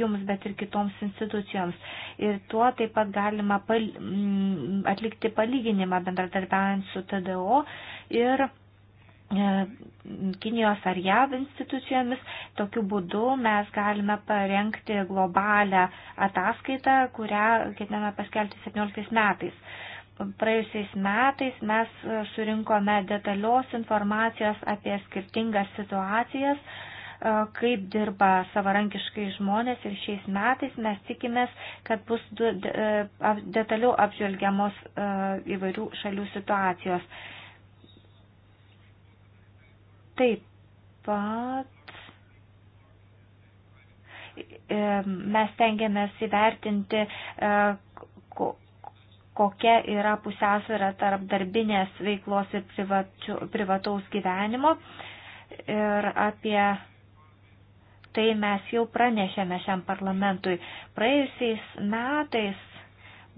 jums, bet ir kitoms institucijoms. Ir tuo taip pat galima pal atlikti palyginimą bendradarbiaujant su TDO ir E, Kinijos ar JAV institucijomis. Tokiu būdu mes galime parengti globalę ataskaitą, kurią ketiname paskelbti 17 metais. Praėjusiais metais mes surinkome detalios informacijos apie skirtingas situacijas, e, kaip dirba savarankiškai žmonės ir šiais metais mes tikimės, kad bus e, detaliau apžvelgiamos įvairių šalių situacijos. Taip pat e, mes tengiamės įvertinti, e, kokia yra pusiausvėra tarp darbinės veiklos ir privataus gyvenimo. Ir apie tai mes jau pranešėme šiam parlamentui. Praėjusiais metais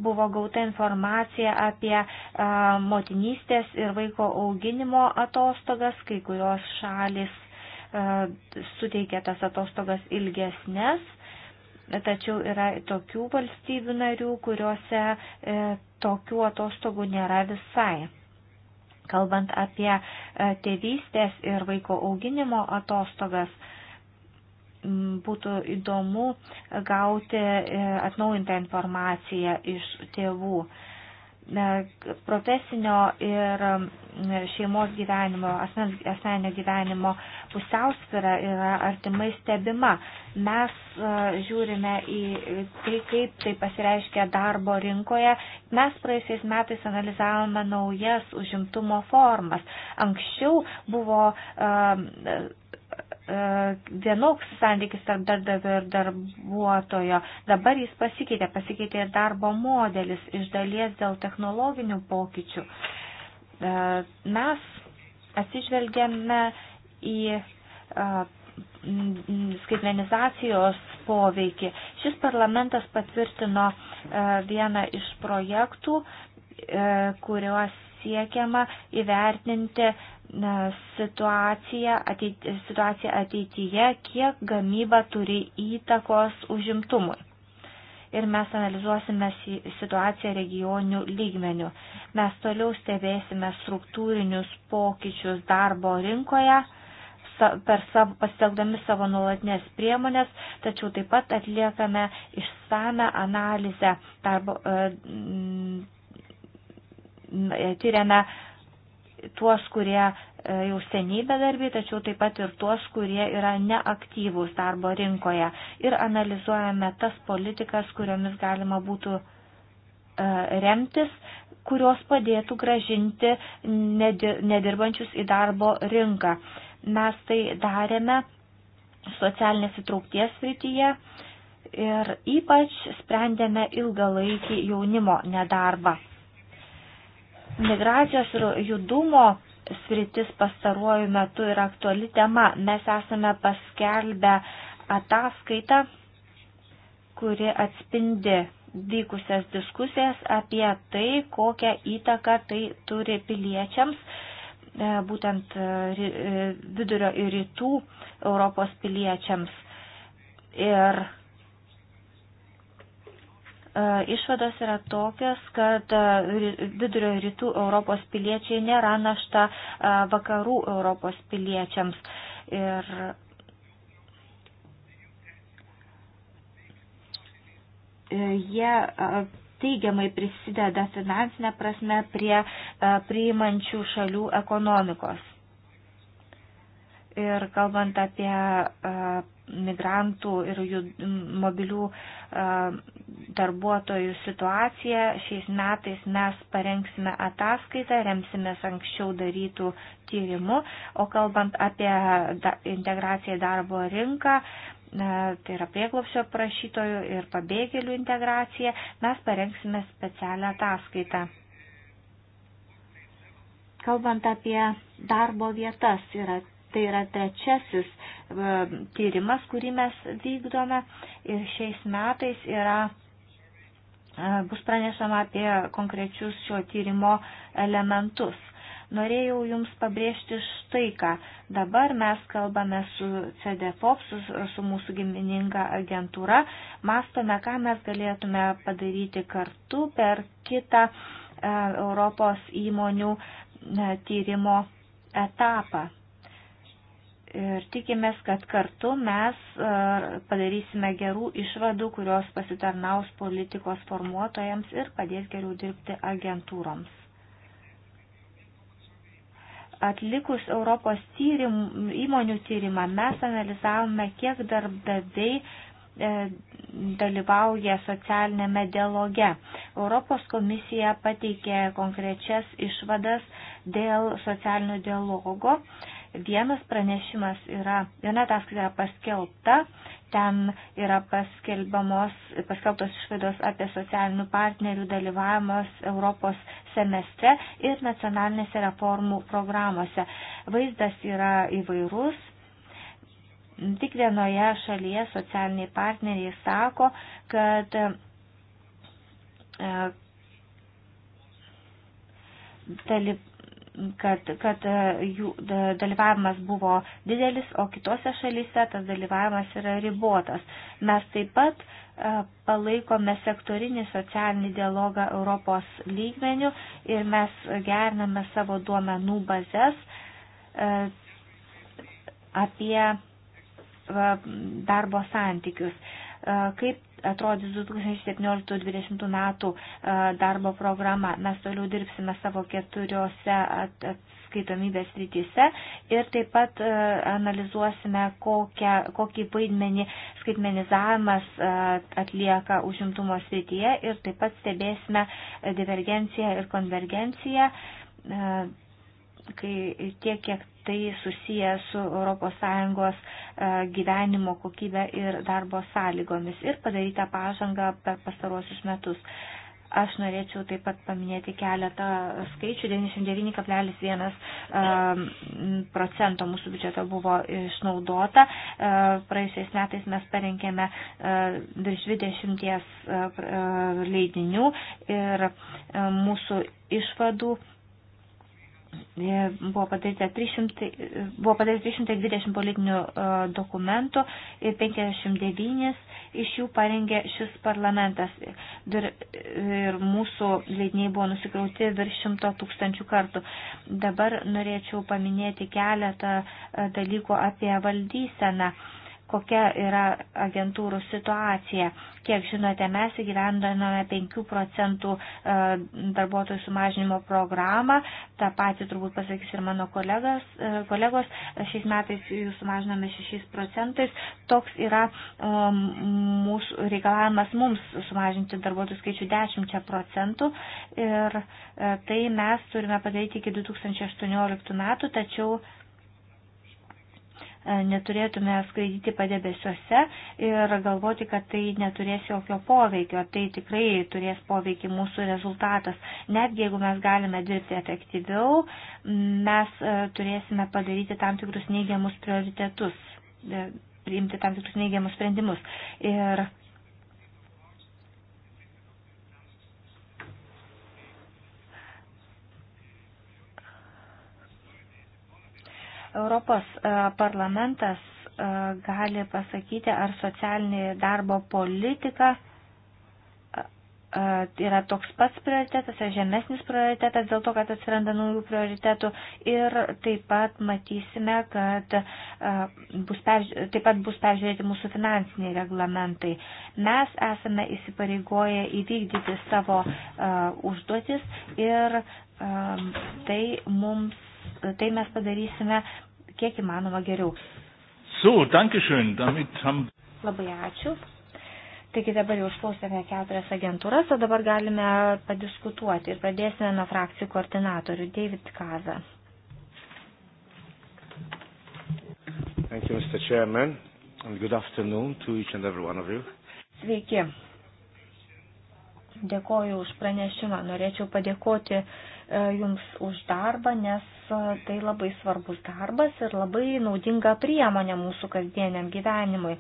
buvo gauta informacija apie motinystės ir vaiko auginimo atostogas, kai kurios šalis suteikia tas atostogas ilgesnės, tačiau yra tokių valstybių narių, kuriuose e, tokių atostogų nėra visai. Kalbant apie tėvystės ir vaiko auginimo atostogas, būtų įdomu gauti e, atnaujintą informaciją iš tėvų. E, profesinio ir šeimos gyvenimo, asmeninio gyvenimo pusiausvyrą yra artimai stebima. Mes e, žiūrime į tai, kaip tai pasireiškia darbo rinkoje. Mes praėjusiais metais analizavome naujas užimtumo formas. Anksčiau buvo uh, E, vienoks santykis tarp darbdavio ir darbuotojo. Dabar jis pasikeitė, pasikeitė ir darbo modelis iš dalies dėl technologinių pokyčių. E, mes atsižvelgiame į e, skaitmenizacijos poveikį. Šis parlamentas patvirtino vieną iš projektų, kuriuos siekiama įvertinti situaciją, ateit, situaciją ateityje, kiek gamyba turi įtakos užimtumui. Ir mes analizuosime situaciją regionių lygmenių. Mes toliau stebėsime struktūrinius pokyčius darbo rinkoje per savo, pasitelkdami savo nuolatinės priemonės, tačiau taip pat atliekame išsame analizę darbo, e, tyriame tuos, kurie e, jau seniai bedarbiai, tačiau taip pat ir tuos, kurie yra neaktyvūs darbo rinkoje. Ir analizuojame tas politikas, kuriomis galima būtų e, remtis, kurios padėtų gražinti nedirbančius į darbo rinką. Mes tai darėme socialinės įtraukties srityje ir ypač sprendėme ilgalaikį jaunimo nedarbą. Migracijos ir judumo sritis pastaruoju metu yra aktuali tema. Mes esame paskelbę ataskaitą, kuri atspindi vykusias diskusijas apie tai, kokią įtaką tai turi piliečiams, e, būtent e, e, vidurio ir rytų Europos piliečiams. Ir E, išvados yra tokios, kad e, vidurio rytų Europos piliečiai nėra našta e, vakarų Europos piliečiams. Ir jie teigiamai prisideda finansinę prasme prie priimančių šalių ekonomikos. Ir kalbant apie migrantų ir jų mobilių darbuotojų situaciją. Šiais metais mes parengsime ataskaitą, remsimės anksčiau darytų tyrimų, o kalbant apie integraciją į darbo rinką, tai yra prieglopšio prašytojų ir pabėgėlių integracija, mes parengsime specialią ataskaitą. Kalbant apie darbo vietas, yra Tai yra trečiasis e, tyrimas, kurį mes vykdome ir šiais metais yra, e, bus pranešama apie konkrečius šio tyrimo elementus. Norėjau Jums pabrėžti štai ką. Dabar mes kalbame su CDFOP, su, su mūsų gimininga agentūra, mastome, ką mes galėtume padaryti kartu per kitą e, Europos įmonių e, tyrimo etapą. Ir tikimės, kad kartu mes e, padarysime gerų išvadų, kurios pasitarnaus politikos formuotojams ir padės geriau dirbti agentūroms. Atlikus Europos tyrim, įmonių tyrimą mes analizavome, kiek darbdaviai e, dalyvauja socialinėme dialoge. Europos komisija pateikė konkrečias išvadas dėl socialinio dialogo Vienas pranešimas yra, viena ataskaita yra paskelbta, ten yra paskelbtos išvados apie socialinių partnerių dalyvavimas Europos semestre ir nacionalinėse reformų programuose. Vaizdas yra įvairus. Tik vienoje šalyje socialiniai partneriai sako, kad e, dalyvavimas kad, kad e, jų dalyvavimas buvo didelis, o kitose šalyse tas dalyvavimas yra ribotas. Mes taip pat e, palaikome sektorinį socialinį dialogą Europos lygmenių ir mes geriname savo duomenų bazės e, apie darbo santykius. Kaip atrodys 2017-2020 metų e, darbo programa. Mes toliau dirbsime savo keturiose atskaitomybės rytise ir taip pat e, analizuosime, kokią, kokį vaidmenį skaitmenizavimas e, atlieka užimtumo srityje ir taip pat stebėsime divergenciją ir konvergenciją kai tiek, kiek tai susiję su ES e, gyvenimo kokybė ir darbo sąlygomis ir padarytą pažangą per pastarosius metus. Aš norėčiau taip pat paminėti keletą skaičių. 99,1 e, procento mūsų biudžeto buvo išnaudota. E, praėjusiais metais mes parenkėme virš 20 leidinių ir mūsų išvadų E, buvo padaryta 300, e, buvo padaryta 320 politinių e, dokumentų ir 59 iš jų parengė šis parlamentas. Ir, ir mūsų leidiniai buvo nusikrauti virš 100 tūkstančių kartų. Dabar norėčiau paminėti keletą dalykų apie valdyseną kokia yra agentūrų situacija. Kiek žinote, mes įgyvendiname 5 procentų e, darbuotojų sumažinimo programą. Ta pati turbūt pasakys ir mano kolegas, e, kolegos. Šiais metais jų sumažiname 6 procentais. Toks yra e, mūsų reikalavimas mums sumažinti darbuotojų skaičių 10 procentų. Ir tai mes turime padaryti iki 2018 metų, tačiau neturėtume skraidyti padebesiuose ir galvoti, kad tai neturės jokio poveikio. Tai tikrai turės poveikį mūsų rezultatas. Netgi jeigu mes galime dirbti efektyviau, mes e, turėsime padaryti tam tikrus neigiamus prioritetus e, priimti tam tikrus neigiamus sprendimus. Ir Europos e, parlamentas e, gali pasakyti, ar socialinė darbo politika e, yra toks pats prioritetas, ar žemesnis prioritetas dėl to, kad atsiranda naujų prioritetų ir taip pat matysime, kad bus perž... taip pat bus peržiūrėti mūsų finansiniai reglamentai. Mes esame įsipareigoję įvykdyti savo uh, užduotis ir um, tai mums, tai mes padarysime kiek įmanoma geriau. So, dankeschön, damit haben. Labai ačiū. Taigi dabar jau išklausėme keturias agentūras, o dabar galime padiskutuoti ir pradėsime nuo frakcijų koordinatorių. David Kaza. Thank you, Mr. Chairman, and good afternoon to each and every one of you. Sveiki. Dėkoju už pranešimą. Norėčiau padėkoti uh, E, jums už darbą, nes e, tai labai svarbus darbas ir labai naudinga priemonė mūsų kasdieniam gyvenimui. E,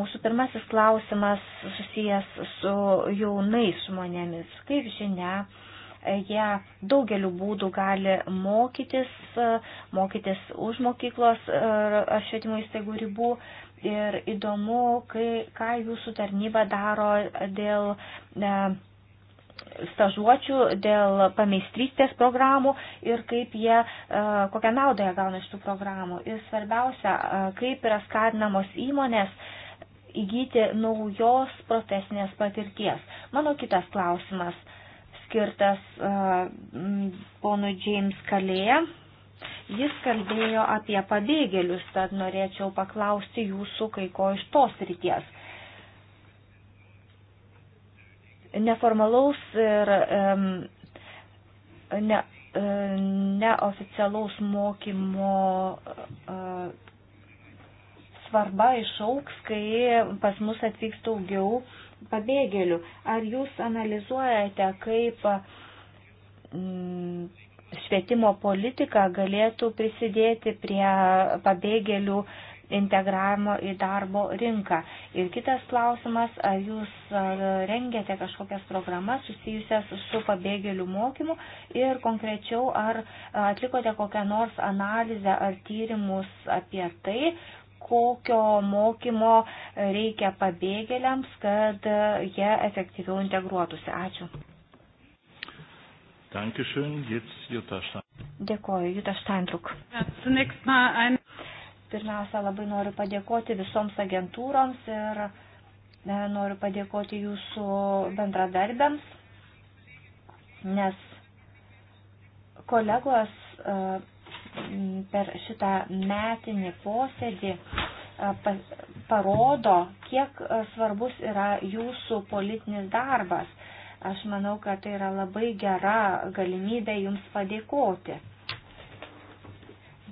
mūsų pirmasis klausimas susijęs su jaunais žmonėmis. Kaip žinia, jie daugeliu būdų gali mokytis, mokytis už mokyklos ar švietimo įstaigų ribų. Ir įdomu, kai, ką jūsų tarnyba daro dėl. Ne, stažuočių, dėl pameistrystės programų ir kaip jie, e, kokią naudą jie gauna iš tų programų. Ir svarbiausia, e, kaip yra skatinamos įmonės įgyti naujos profesinės patirties. Mano kitas klausimas skirtas uh, e, ponu James Kalėje. Jis kalbėjo apie pabėgėlius, tad norėčiau paklausti jūsų kai ko iš tos ryties. Uh, neformalaus ir ne, e, neoficialaus mokymo e, svarba išauks, kai pas mus atvyks daugiau pabėgėlių. Ar jūs analizuojate, kaip mm, švietimo politika galėtų prisidėti prie pabėgėlių integravimo į darbo rinką. Ir kitas klausimas, ar jūs rengiate kažkokias programas susijusias su pabėgėlių mokymu ir konkrečiau, ar atlikote kokią nors analizę ar tyrimus apie tai, kokio mokymo reikia pabėgėliams, kad jie efektyviau integruotųsi. Ačiū. Dankeschön, jetzt Jutta Stein. Dėkoju, Jutta Steintruk. Pirmiausia, labai noriu padėkoti visoms agentūroms ir e, noriu padėkoti jūsų bendradarbiams, nes kolegos e, per šitą metinį posėdį e, parodo, kiek svarbus yra jūsų politinis darbas. Aš manau, kad tai yra labai gera galimybė jums padėkoti.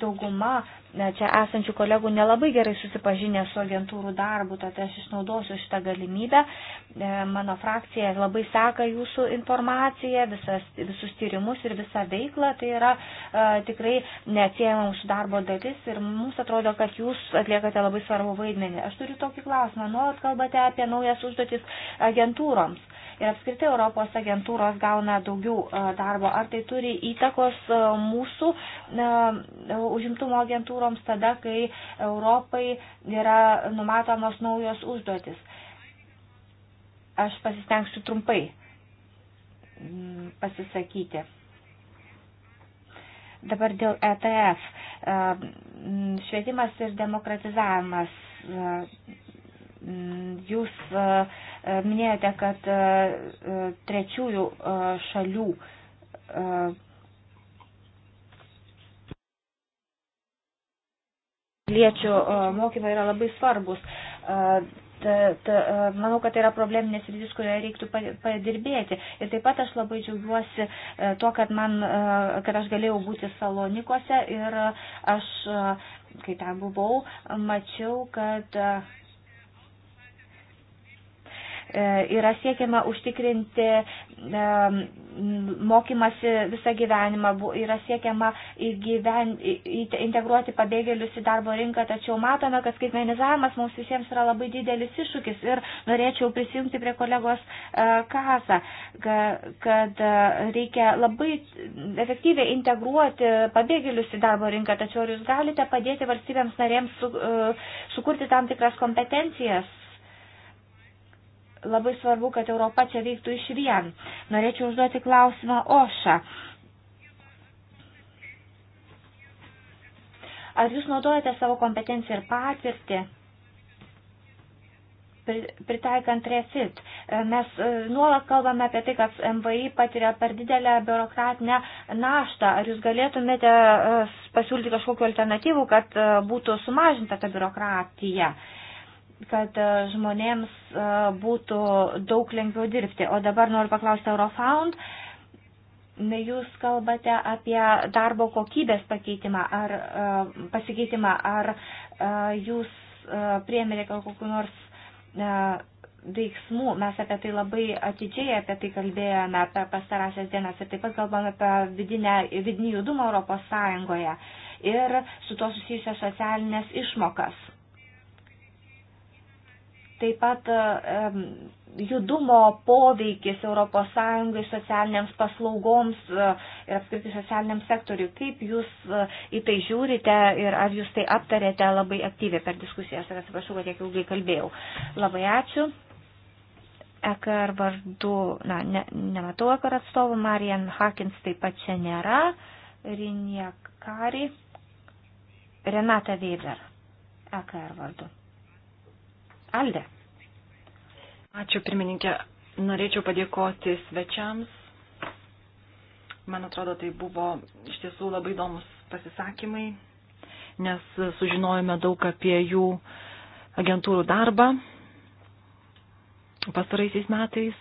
Dauguma čia esančių kolegų nelabai gerai susipažinę su agentūrų darbu, tad aš išnaudosiu šitą galimybę. E, mano frakcija labai seka jūsų informaciją, visas, visus tyrimus ir visą veiklą. Tai yra e, tikrai neatsiejama mūsų darbo dalis ir mums atrodo, kad jūs atliekate labai svarbu vaidmenį. Aš turiu tokį klausimą. Nuolat kalbate apie naujas užduotis agentūroms ir apskritai Europos agentūros gauna daugiau e, darbo. Ar tai turi įtakos e, mūsų e, užimtumo agentūroms tada, kai Europai yra numatomos naujos užduotis? Aš pasistengsiu trumpai mm, pasisakyti. Dabar dėl ETF. Švietimas ir demokratizavimas Mm, jūs e, e, minėjote, kad e, trečiųjų šalių liečių mokymai yra labai svarbus. Tad, manau, kad tai yra probleminės rytis, kurioje reiktų padirbėti. Ir taip pat aš labai džiaugiuosi tuo, kad, man, kad aš galėjau būti salonikose ir aš, kai ten buvau, mačiau, kad E, yra siekiama užtikrinti e, mokymasi visą gyvenimą, yra siekiama įgyven, integruoti pabėgėlius į darbo rinką, tačiau matome, kad skaitmenizavimas mums visiems yra labai didelis iššūkis ir norėčiau prisijungti prie kolegos e, kasą, kad reikia labai efektyviai integruoti pabėgėlius į darbo rinką, tačiau ar jūs galite padėti valstybėms narėms su, sukurti tam tikras kompetencijas labai svarbu, kad Europa čia veiktų iš vien. Norėčiau užduoti klausimą Oša. Ar jūs naudojate savo kompetenciją ir patirtį? pritaikant refit. E, mes e, nuolat kalbame apie tai, kad MVI patiria per didelę biurokratinę naštą. Ar jūs galėtumėte e, pasiūlyti kažkokiu alternatyvu, kad būtų sumažinta ta biurokratija? kad e, žmonėms e, būtų daug lengviau dirbti. O dabar noriu paklausti Eurofound. Jūs kalbate apie darbo kokybės pakeitimą ar e, pasikeitimą, ar jūs priemėte kokiu nors veiksmų. Mes apie tai labai atidžiai apie tai kalbėjome per pastarąsias dienas ir taip pat kalbame apie vidinę, vidinį judumą Europos Sąjungoje ir su tuo susijusias socialinės išmokas. Taip pat judumo poveikis ES socialiniams paslaugoms e, ir apskritai socialiniam sektoriui. Kaip jūs e, į tai žiūrite ir ar jūs tai aptarėte labai aktyviai per diskusijas? Ir atsiprašau, kad tiek ilgai kalbėjau. Labai ačiū. EKR vardu, na, ne, nematau EKR atstovų, Marian Hakins taip pat čia nėra, Rinja Kari, Renata Weber, EKR vardu. Alde. Ačiū, pirmininkė. Norėčiau padėkoti svečiams. Man atrodo, tai buvo iš tiesų labai įdomus pasisakymai, nes sužinojome daug apie jų agentūrų darbą pastaraisiais metais.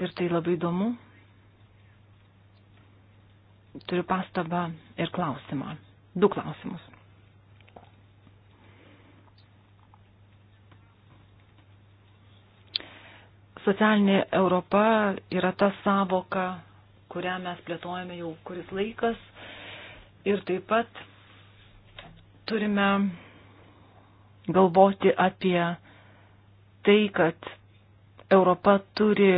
Ir tai labai įdomu. Turiu pastabą ir klausimą. Du klausimus. Socialinė Europa yra ta savoka, kurią mes plėtojame jau kuris laikas ir taip pat turime galvoti apie tai, kad Europa turi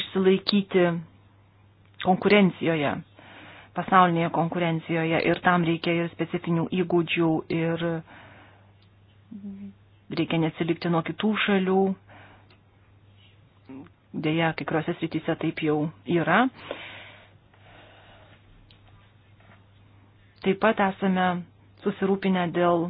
išsilaikyti konkurencijoje, pasaulinėje konkurencijoje ir tam reikia ir specifinių įgūdžių ir reikia neatsilikti nuo kitų šalių, Deja, kai kuriuose srityse taip jau yra. Taip pat esame susirūpinę dėl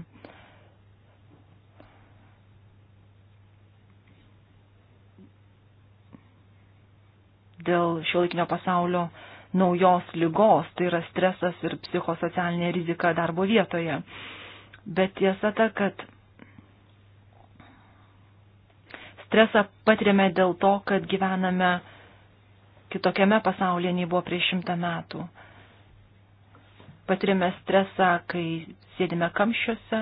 dėl šiuolaikinio pasaulio naujos lygos, tai yra stresas ir psichosocialinė rizika darbo vietoje. Bet tiesa ta, kad Stresą patiriame dėl to, kad gyvename kitokiame pasaulyje nei buvo prieš šimtą metų. Patiriame stresą, kai sėdime kamščiuose,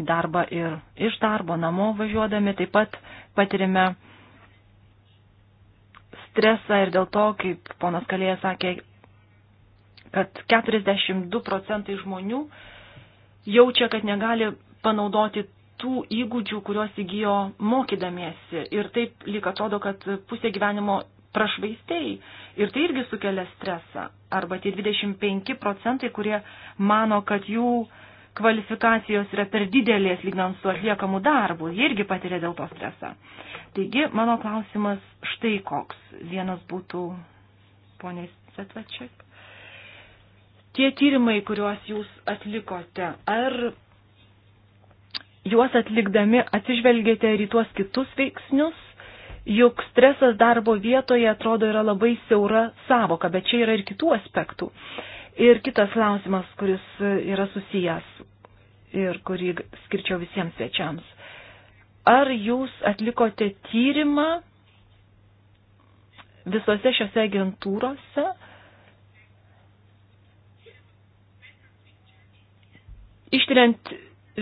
į darbą ir iš darbo namo važiuodami, taip pat patiriame stresą ir dėl to, kaip ponas Kalėja sakė, kad 42 procentai žmonių jaučia, kad negali panaudoti tų įgūdžių, kuriuos įgyjo mokydamiesi. Ir taip lyg atrodo, kad pusė gyvenimo prašvaistėjai. Ir tai irgi sukelia stresą. Arba tie 25 procentai, kurie mano, kad jų kvalifikacijos yra per didelės lygnant su atliekamu darbu. Jie irgi patiria dėl to stresą. Taigi, mano klausimas štai koks. Vienas būtų, ponės Setvačiak. Tie tyrimai, kuriuos jūs atlikote, ar juos atlikdami atsižvelgėte ir į tuos kitus veiksnius, juk stresas darbo vietoje atrodo yra labai siaura savoka, bet čia yra ir kitų aspektų. Ir kitas klausimas, kuris e, yra susijęs ir kurį skirčiau visiems svečiams. Ar jūs atlikote tyrimą visose šiose agentūrose? Ištiriant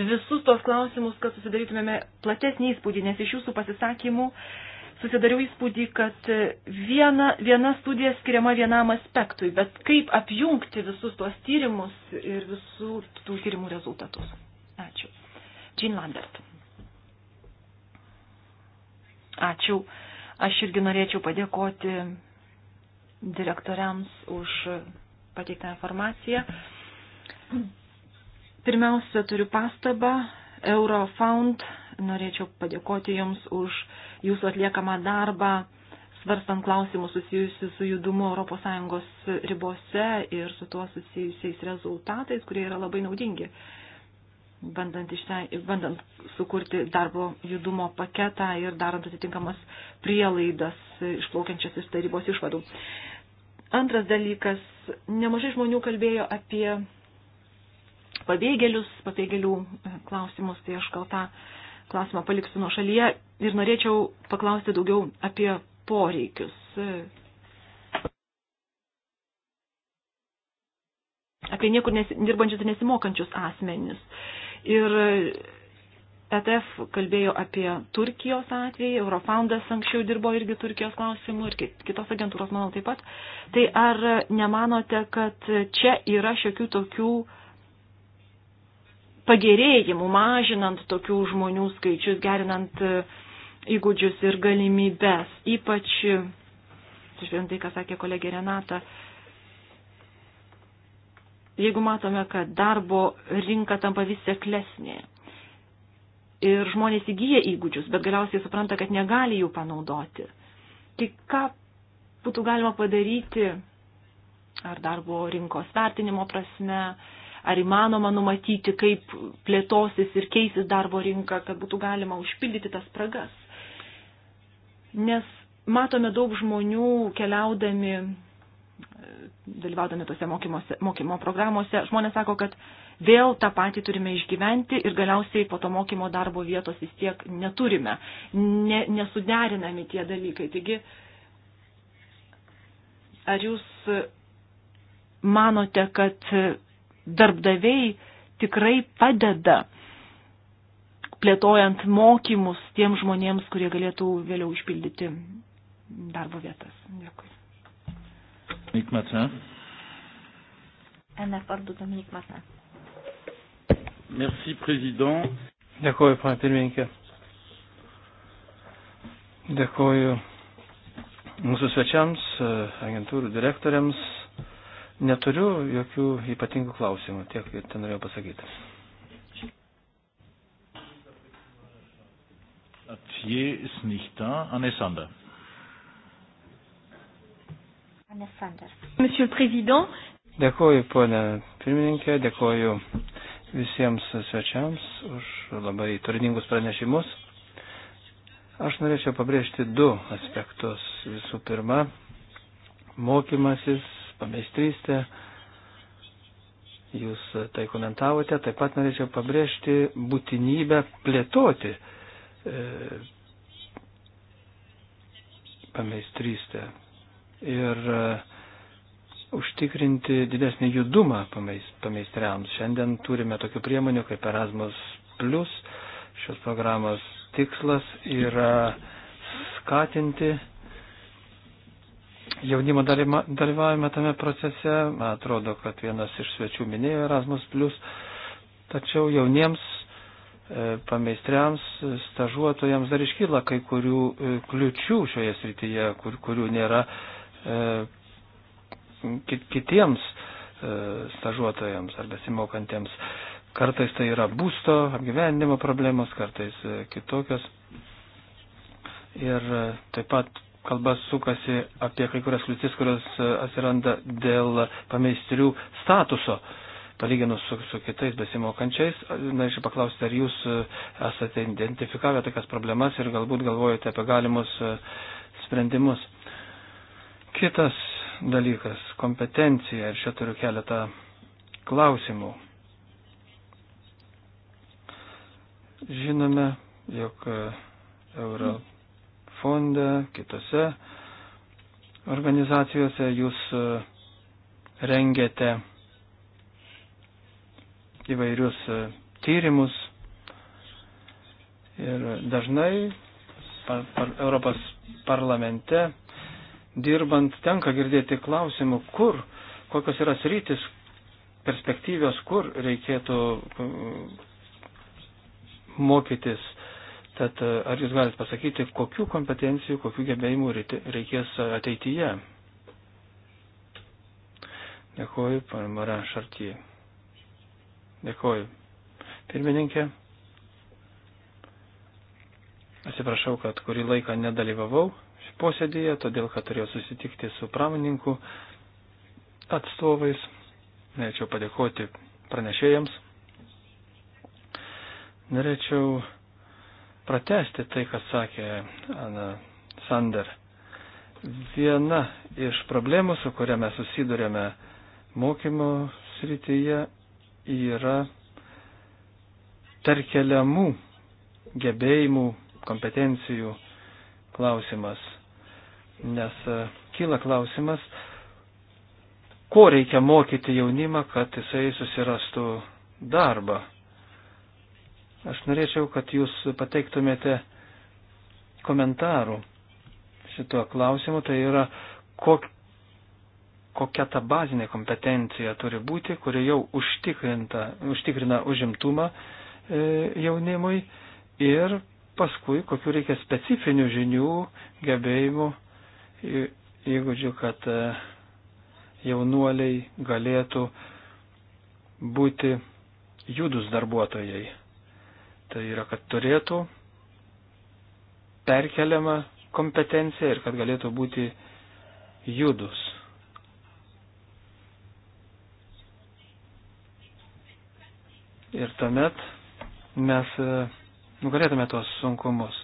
visus tos klausimus, kad susidarytumėme platesnį įspūdį, nes iš jūsų pasisakymų susidariau įspūdį, kad viena, viena studija skiriama vienam aspektui, bet kaip apjungti visus tuos tyrimus ir visų tų tyrimų rezultatus. Ačiū. Jean Lambert. Ačiū. Aš irgi norėčiau padėkoti direktoriams už pateiktą informaciją. Pirmiausia, turiu pastabą. Eurofound, norėčiau padėkoti Jums už Jūsų atliekamą darbą, svarstant klausimus susijusius su judumu ES ribose ir su tuo susijusiais rezultatais, kurie yra labai naudingi, bandant, išsiai, bandant sukurti darbo judumo paketą ir darant atitinkamas prielaidas išplaukiančias iš tarybos išvadų. Antras dalykas, nemažai žmonių kalbėjo apie pabėgėlius, pabėgėlių e, klausimus, tai aš gal tą klausimą paliksiu nuo šalyje ir norėčiau paklausti daugiau apie poreikius. E, apie niekur nes, dirbančius ir nesimokančius asmenis. Ir ETF kalbėjo apie Turkijos atvejį, Eurofoundas anksčiau dirbo irgi Turkijos klausimų ir kitos agentūros, manau, taip pat. Tai ar nemanote, kad čia yra šiokių tokių uh, pagerėjimų, mažinant tokių žmonių skaičius, gerinant e, įgūdžius ir galimybės. Ypač, e, žiūrint tai, ką sakė kolegė Renata, jeigu matome, kad darbo rinka tampa vis seklesnė ir žmonės įgyja įgūdžius, bet galiausiai supranta, kad negali jų panaudoti, tai ką būtų galima padaryti ar darbo rinkos vertinimo prasme, ar įmanoma numatyti, kaip plėtosis ir keisis darbo rinka, kad būtų galima užpildyti tas spragas. Nes matome daug žmonių keliaudami, dalyvaudami tose mokymo programuose, žmonės sako, kad vėl tą patį turime išgyventi ir galiausiai po to mokymo darbo vietos vis tiek neturime, ne, nesuderinami tie dalykai. Taigi, ar jūs manote, kad darbdaviai tikrai padeda plėtojant mokymus tiem žmonėms, kurie galėtų vėliau išpildyti darbo vietas. Dėkui. Dominik Matin. NF vardu Dominik Matin. Merci, prezident. Dėkuoju, pana pirmininkė. Dėkuoju mūsų svečiams, agentūrų direktoriams, Neturiu jokių ypatingų klausimų, tiek ir ten norėjau pasakyti. Atje ist nicht da. Anne Sander. Anne Sander. Monsieur le Président. Dėkuoju, ponė pirmininkė, dėkuoju visiems svečiams už labai turiningus pranešimus. Aš norėčiau pabrėžti du aspektus. Visų pirma, mokymasis pameistrystę. Jūs tai komentavote, taip pat norėčiau pabrėžti būtinybę plėtoti e, pameistrystę ir e, užtikrinti didesnį judumą pameistriams. Šiandien turime tokių priemonių kaip Erasmus, šios programos tikslas yra skatinti jaunimo dalyvavime tame procese. Man atrodo, kad vienas iš svečių minėjo Erasmus, tačiau jauniems e, pameistriams, stažuotojams dar iškyla kai kurių e, kliučių šioje srityje, kur, kurių nėra e, kitiems e, stažuotojams ar besimokantiems. Kartais tai yra būsto apgyvendimo problemos, kartais e, kitokios. Ir e, taip pat kalba sukasi apie kai kurias kliūtis, kurios e, atsiranda dėl pameistrių statuso. Palyginus su, su kitais besimokančiais, e, norėčiau paklausti, ar jūs e, esate identifikavę tokias problemas ir galbūt galvojate apie galimus sprendimus. Kitas dalykas - kompetencija. Ir čia turiu keletą klausimų. Žinome, jog Europos fonde, kitose organizacijose jūs e, rengiate įvairius e, tyrimus ir dažnai par, par, Europos parlamente dirbant tenka girdėti klausimų, kur, kokios yra sritis perspektyvios, kur reikėtų mokytis Tad e, ar jūs galite pasakyti, kokių kompetencijų, kokių gebėjimų reikės ateityje? Dėkuoju, pana Mara Šartie. Dėkuoju. Pirmininkė, atsiprašau, kad kurį laiką nedalyvavau posėdėje, todėl kad turėjau susitikti su pramonininkų atstovais. Norėčiau padėkoti pranešėjams. Norėčiau pratesti tai, ką sakė Ana Sander. Viena iš problemų, su kuria mes susidurėme mokymo srityje, yra perkeliamų gebėjimų, kompetencijų klausimas. Nes e, kyla klausimas, ko reikia mokyti jaunimą, kad jisai susirastų darbą. Aš norėčiau, kad jūs pateiktumėte komentarų šituo klausimu, tai yra kok, kokia ta bazinė kompetencija turi būti, kuri jau užtikrina užimtumą e, jaunimui ir paskui kokiu reikia specifinių žinių, gebėjimų, įgūdžių, kad e, jaunuoliai galėtų būti judus darbuotojai. Tai yra, kad turėtų perkeliama kompetencija ir kad galėtų būti judus. Ir tuomet mes e, nugalėtume tuos sunkumus.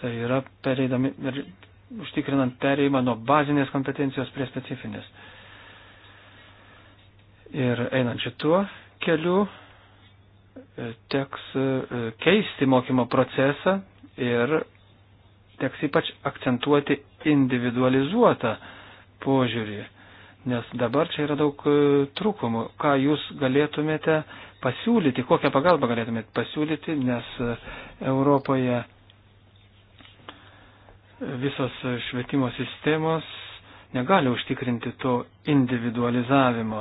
Tai yra pereidami, užtikrinant pereimą nuo bazinės kompetencijos prie specifinės. Ir einant šituo keliu E, teks e, keisti mokymo procesą ir teks ypač akcentuoti individualizuotą požiūrį, nes dabar čia yra daug e, trūkumų. Ką jūs galėtumėte pasiūlyti, kokią pagalbą galėtumėte pasiūlyti, nes Europoje visos švietimo sistemos negali užtikrinti to individualizavimo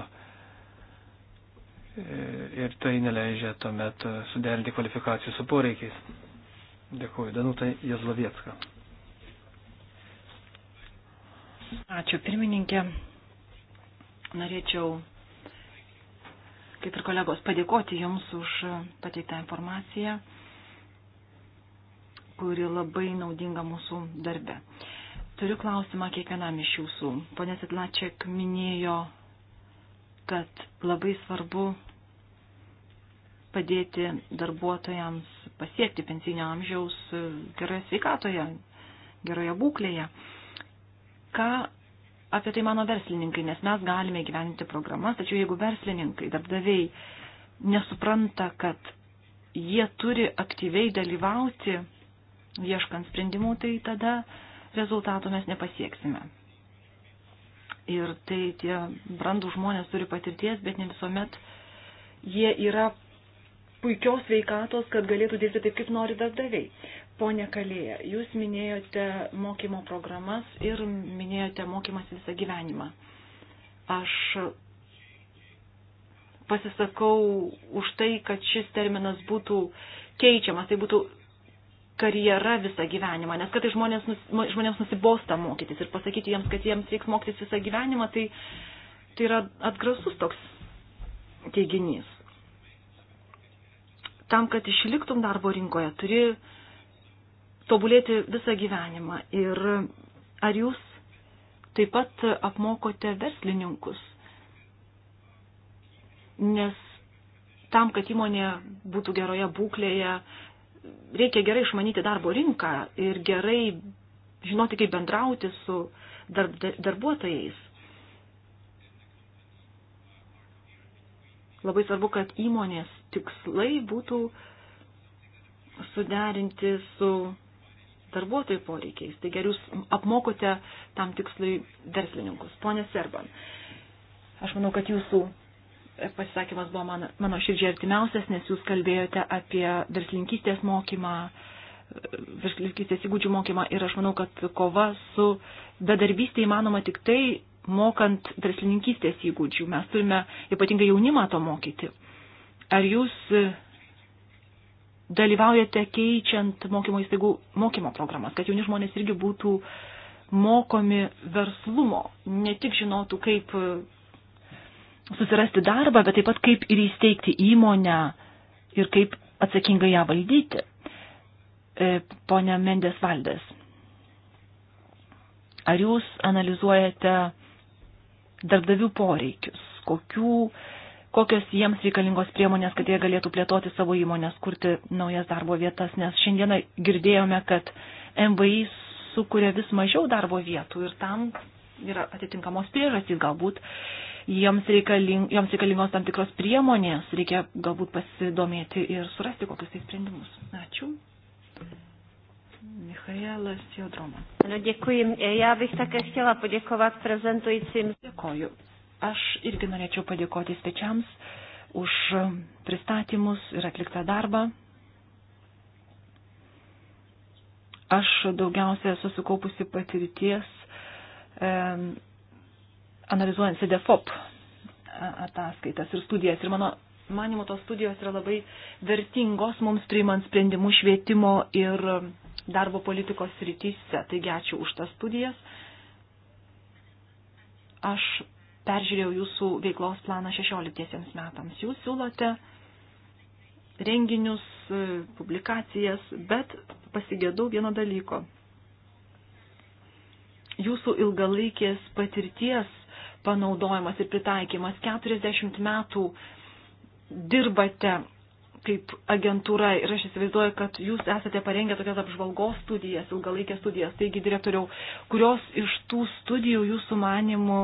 ir tai neleidžia tuomet suderinti kvalifikacijų su poreikiais. Dėkuoju, Danutai Jazlovietska. Ačiū pirmininkė. Norėčiau, kaip ir kolegos, padėkoti Jums už pateiktą informaciją, kuri labai naudinga mūsų darbe. Turiu klausimą kiekvienam iš Jūsų. Pone Sidlačiak minėjo kad labai svarbu padėti darbuotojams pasiekti pensinio amžiaus geroje sveikatoje, geroje būklėje. Ką apie tai mano verslininkai, nes mes galime gyventi programas, tačiau jeigu verslininkai, darbdaviai nesupranta, kad jie turi aktyviai dalyvauti ieškant sprendimų, tai tada rezultatų mes nepasieksime. Ir tai tie brandų žmonės turi patirties, bet ne visuomet jie yra puikios veikatos, kad galėtų dirbti taip, kaip nori darbdaviai. Pone Kalėja, jūs minėjote mokymo programas ir minėjote mokymas visą gyvenimą. Aš pasisakau už tai, kad šis terminas būtų keičiamas, tai būtų karjera visą gyvenimą, nes kartai žmonės, žmonėms nusibosta mokytis ir pasakyti jiems, kad jiems reiks mokytis visą gyvenimą, tai, tai yra atgrasus toks teiginys. Tam, kad išliktum darbo rinkoje, turi tobulėti visą gyvenimą. Ir ar jūs taip pat apmokote verslininkus? Nes tam, kad įmonė būtų geroje būklėje, reikia gerai išmanyti darbo rinką ir gerai žinoti, kaip bendrauti su darb, darbuotojais. Labai svarbu, kad įmonės tikslai būtų suderinti su darbuotojų poreikiais. Tai geriau apmokote tam tikslui verslininkus. Pone Serban, aš manau, kad jūsų pasisakymas buvo man, mano širdžiai artimiausias, nes jūs kalbėjote apie verslininkystės mokymą, verslininkystės įgūdžių mokymą ir aš manau, kad kova su bedarbystė įmanoma tik tai mokant verslininkystės įgūdžių. Mes turime ypatingai jaunimą to mokyti. Ar jūs dalyvaujate keičiant mokymo įstaigų mokymo programas, kad jauni žmonės irgi būtų mokomi verslumo, ne tik žinotų, kaip susirasti darbą, bet taip pat kaip ir įsteigti įmonę ir kaip atsakingai ją valdyti. E, Pone Mendes Valdės, ar jūs analizuojate darbdavių poreikius, kokių, kokios jiems reikalingos priemonės, kad jie galėtų plėtoti savo įmonės, kurti naujas darbo vietas, nes šiandieną girdėjome, kad MVI sukuria vis mažiau darbo vietų ir tam yra atitinkamos priežastys, galbūt joms, reikaling, joms reikalingos tam tikros priemonės, reikia galbūt pasidomėti ir surasti kokius tai sprendimus. Ačiū. Michaela Siodroma. No, děkuji. Já bych také chtěla poděkovat prezentujícím. Děkuji. Aš irgi norėčiau padėkoti svečiams už pristatymus ir atliktą darbą. Aš daugiausia susikaupusi patirties e, analizuojant CDFOP ataskaitas ir studijas. Ir mano manimo, tos studijos yra labai vertingos mums priimant sprendimų švietimo ir darbo politikos rytise. Taigi ačiū už tas studijas. Aš peržiūrėjau jūsų veiklos planą 16 metams. Jūs siūlote renginius, publikacijas, bet pasigėdau vieno dalyko. Jūsų ilgalaikės patirties panaudojimas ir pritaikymas. 40 metų dirbate kaip agentūra ir aš įsivaizduoju, kad jūs esate parengę tokias apžvalgos studijas, ilgalaikės studijas. Taigi, direktoriau, kurios iš tų studijų jūsų manimų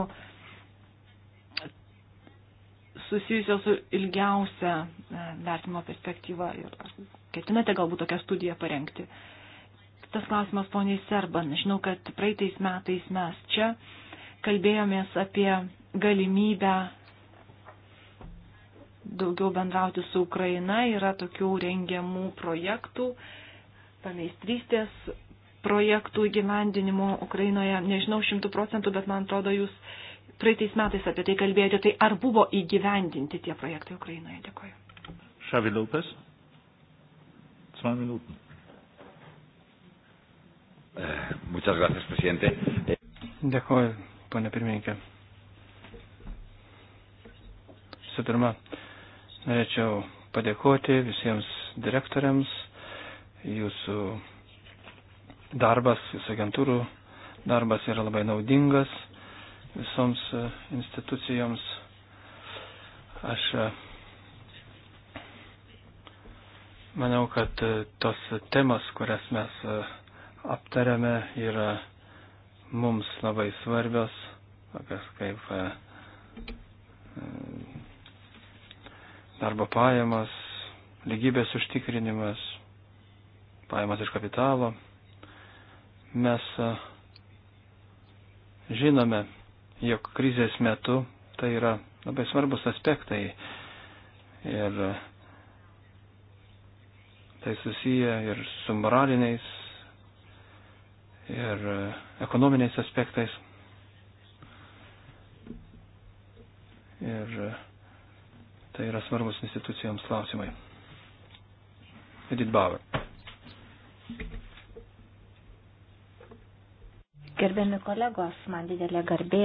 susijusios su ilgiausia vertimo perspektyva ir ketinate galbūt tokią studiją parengti. Kitas klausimas, poniai Serban. Žinau, kad praeitais metais mes čia kalbėjomės apie galimybę daugiau bendrauti su Ukraina. Yra tokių rengiamų projektų, pameistrystės projektų įgyvendinimo Ukrainoje. Nežinau šimtų procentų, bet man atrodo, jūs praeitais metais apie tai kalbėjote. Tai ar buvo įgyvendinti tie projektai Ukrainoje? Dėkoju. Šavi Lopes. 2 minutės. Eh, muchas gracias, presidente. Dėkoju, ponė pirmininkė. Visų pirma, norėčiau padėkoti visiems direktoriams, jūsų darbas, jūsų agentūrų darbas yra labai naudingas visoms e, institucijoms. Aš e, manau, kad e, tos temos, kurias mes aptariame, yra mums labai svarbios, tokias kaip e, darbo pajamos, lygybės užtikrinimas, pajamos iš kapitalo. Mes e, žinome, jog krizės metu tai yra labai svarbus aspektai ir e, tai susiję ir su moraliniais ir e, ekonominiais aspektais. Ir e, tai yra svarbus institucijoms klausimai. Edith Bauer. Gerbiami kolegos, man didelė garbė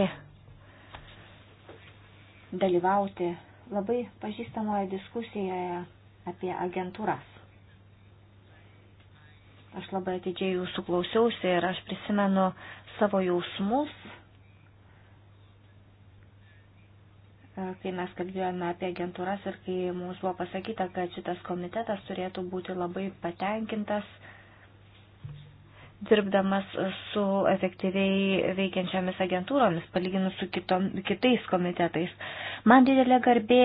dalyvauti labai pažįstamoje diskusijoje apie agentūras. Aš labai atidžiai jūsų klausiausi ir aš prisimenu savo jausmus, e, kai mes kalbėjome apie agentūras ir kai mums buvo pasakyta, kad šitas komitetas turėtų būti labai patenkintas dirbdamas su efektyviai veikiančiamis agentūromis, palyginus su kitom, kitais komitetais. Man didelė garbė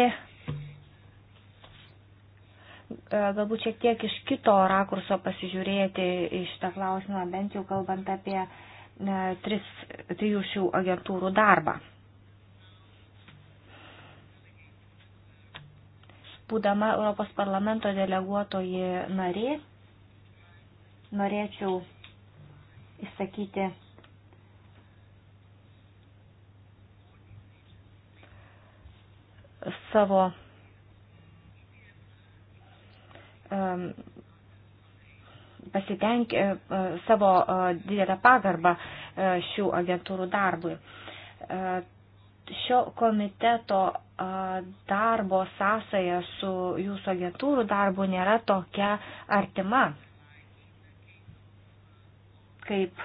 E, galbūt šiek tiek iš kito rakurso pasižiūrėti iš tą klausimą, bent jau kalbant apie e, tris, trijų šių agentūrų darbą. Būdama Europos parlamento deleguotoji narė, norėčiau išsakyti savo Um, pasitenk e, e, savo e, didelę pagarbą šių agentūrų darbui. Šio komiteto darbo sąsaja su jūsų agentūrų darbu nėra tokia artima, kaip,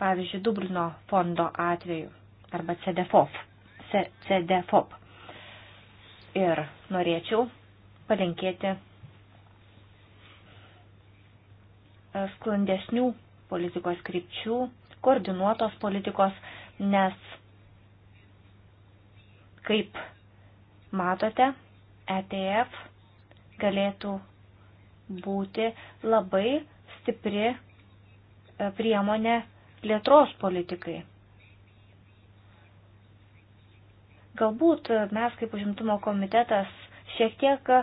pavyzdžiui, Dublino fondo atveju arba CDFOP. CDFOP. Ir norėčiau palinkėti sklandesnių politikos krypčių, koordinuotos politikos, nes, kaip matote, ETF galėtų būti labai stipri e, priemonė plėtros politikai. Galbūt mes kaip užimtumo komitetas šiek tiek e,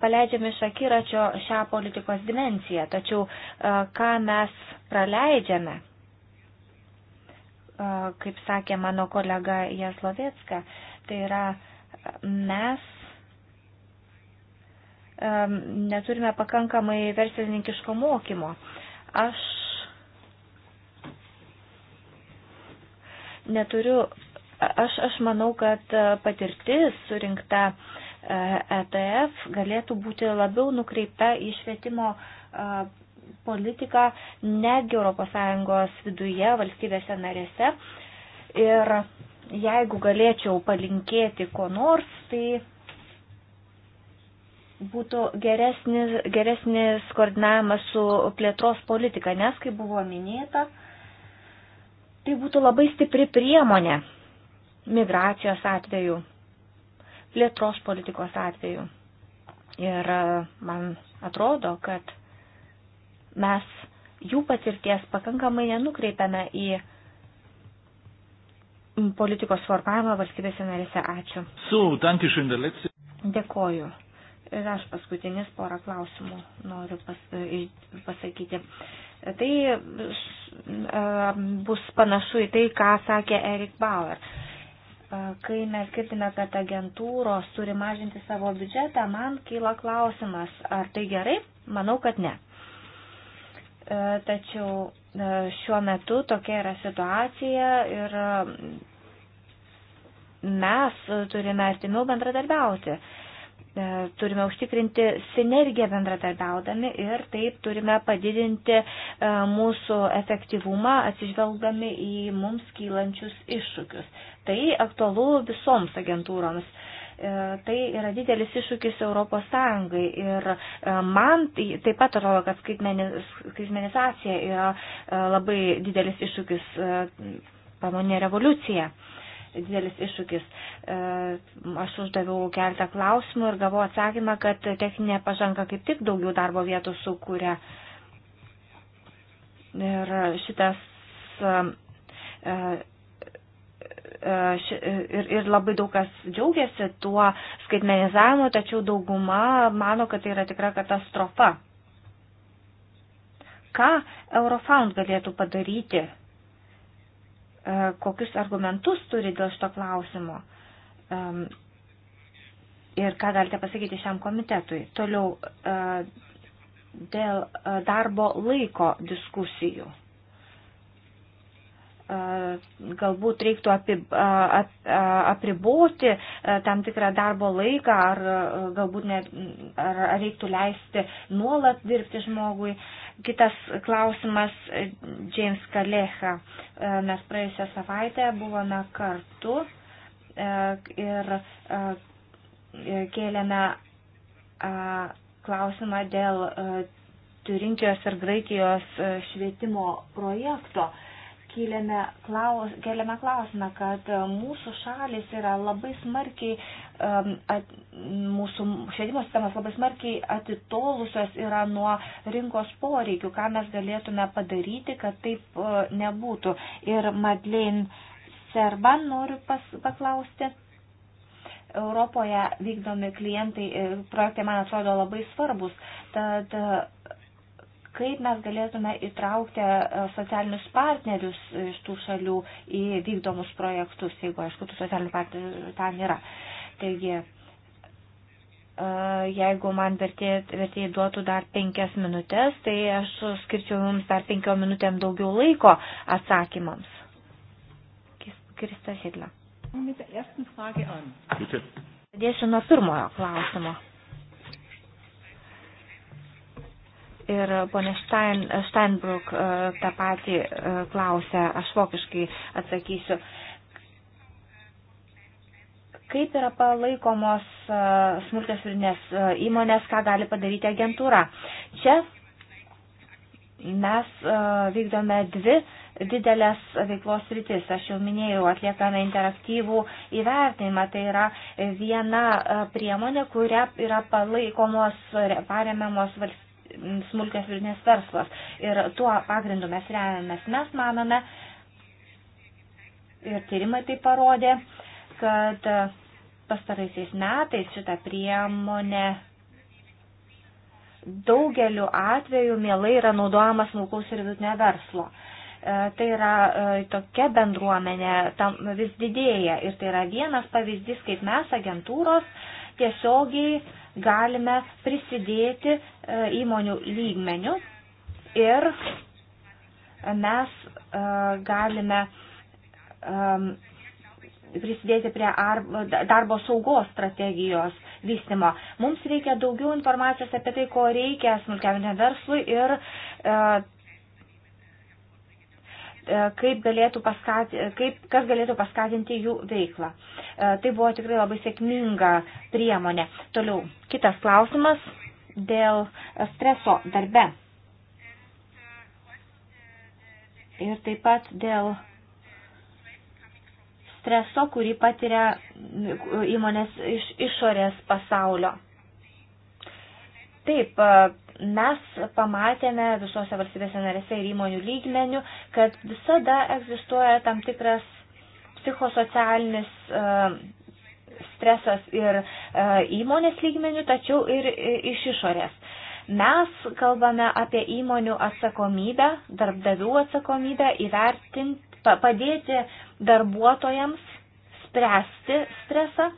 paleidžiame iš akiračio šią politikos dimenciją, tačiau e, ką mes praleidžiame, e, kaip sakė mano kolega Jaslovetska, tai yra mes e, neturime pakankamai verslininkiško mokymo. Aš neturiu, aš, aš manau, kad patirtis surinkta uh, ETF galėtų būti labiau nukreipta į švietimo e, politiką netgi ES viduje, valstybėse narėse. Ir jeigu galėčiau palinkėti ko nors, tai būtų geresnis, geresnis koordinavimas su plėtros politika, nes, kaip buvo minėta, tai būtų labai stipri priemonė migracijos atveju plėtros politikos atveju. Ir e, man atrodo, kad mes jų patirties pakankamai nenukreipiame į politikos formavimą valstybėse narėse. Ačiū. So, dankeschön, der letzte. Dėkoju. Ir aš paskutinis porą klausimų noriu pas, e, pasakyti. Tai e, bus panašu į tai, ką sakė Erik Bauer kai mes girdime, kad agentūros turi mažinti savo biudžetą, man kyla klausimas, ar tai gerai? Manau, kad ne. Tačiau šiuo metu tokia yra situacija ir mes turime artimiau bendradarbiauti. Turime užtikrinti sinergiją bendradarbiaudami ir taip turime padidinti mūsų efektyvumą atsižvelgdami į mums kylančius iššūkius. Tai aktualu visoms agentūroms. E, tai yra didelis iššūkis Europos Sąjungai ir e, man tai taip pat atrodo, kad skaitmenizacija yra e, labai didelis iššūkis, pamonė revoliucija didelis iššūkis. Aš uždaviau keletą klausimų ir gavau atsakymą, kad techninė pažanga kaip tik daugiau darbo vietų sukūrė. Ir šitas E, e, ir, ir labai daug kas džiaugiasi tuo skaitmenizavimu, tačiau dauguma mano, kad tai yra tikra katastrofa. Ką Eurofound galėtų padaryti? E, kokius argumentus turi dėl šito klausimo? Ir ką galite pasakyti šiam komitetui? Toliau dėl darbo laiko diskusijų galbūt reiktų apriboti tam tikrą darbo laiką ar galbūt net ar reiktų leisti nuolat dirbti žmogui. Kitas klausimas James Kalecha. Mes praėjusią savaitę buvome kartu ir kėlėme klausimą dėl Turinkijos ir Graikijos švietimo projekto kėlėme, klaus, kėlėme klausimą, kad mūsų šalis yra labai smarkiai, at, mūsų švietimo sistemas labai smarkiai atitolusios yra nuo rinkos poreikių, ką mes galėtume padaryti, kad taip e, nebūtų. Ir Madlein Serban noriu pas, paklausti. Europoje vykdomi klientai, e, projektai man atrodo labai svarbus. Tad kaip mes galėtume įtraukti e, socialinius partnerius iš tų šalių į vykdomus projektus, jeigu, aišku, tų socialinių partnerių ten yra. Taigi, e, jeigu man vertėjai duotų dar penkias minutės, tai aš skirčiau jums dar penkiom minutėm daugiau laiko atsakymams. Krista Hidla. Pradėsiu nuo pirmojo klausimo. ir ponė Stein, Steinbrück e, tą patį e, klausė, aš vokiškai atsakysiu. Kaip yra palaikomos e, smulkės virinės įmonės, ką gali padaryti agentūra? Čia mes vykdome dvi didelės veiklos rytis. Aš jau minėjau, atliekame interaktyvų įvertinimą. Tai yra viena priemonė, kuria yra palaikomos, paremiamos valstybės smulkios vidinės verslas. Ir tuo pagrindu mes remiamės, mes manome, ir tyrimai tai parodė, kad pastaraisiais metais šitą priemonę daugeliu atveju mielai yra naudojama smulkaus ir vidutinio verslo. E, tai yra e, tokia bendruomenė, tam vis didėja ir tai yra vienas pavyzdys, kaip mes agentūros tiesiogiai galime prisidėti e, įmonių lygmenių ir mes e, galime prisidėti prie darbo saugos strategijos vystimo. Mums reikia daugiau informacijos apie tai, ko reikia smulkiam verslui ir e, E, kaip galėtų paskati, kaip, kas galėtų paskatinti jų veiklą. E, tai buvo tikrai labai sėkminga priemonė. Toliau, kitas klausimas dėl streso darbe. Ir taip pat dėl streso, kurį patiria įmonės iš išorės pasaulio. Taip, e, mes pamatėme visose valstybėse narėse ir įmonių lygmenių, kad visada egzistuoja tam tikras psichosocialinis e, stresas ir e, įmonės lygmenių, tačiau ir iš išorės. Mes kalbame apie įmonių atsakomybę, darbdavių atsakomybę, įvertinti, padėti darbuotojams spręsti stresą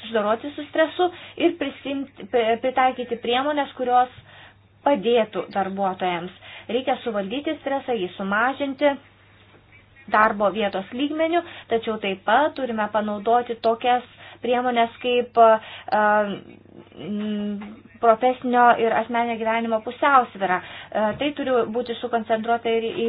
susidoroti su stresu ir prisimti, pritaikyti priemonės, kurios padėtų darbuotojams. Reikia suvaldyti stresą, jį sumažinti darbo vietos lygmenių, tačiau taip pat turime panaudoti tokias priemonės kaip profesinio ir asmenio gyvenimo pusiausvyrą. Tai turi būti sukoncentruota ir į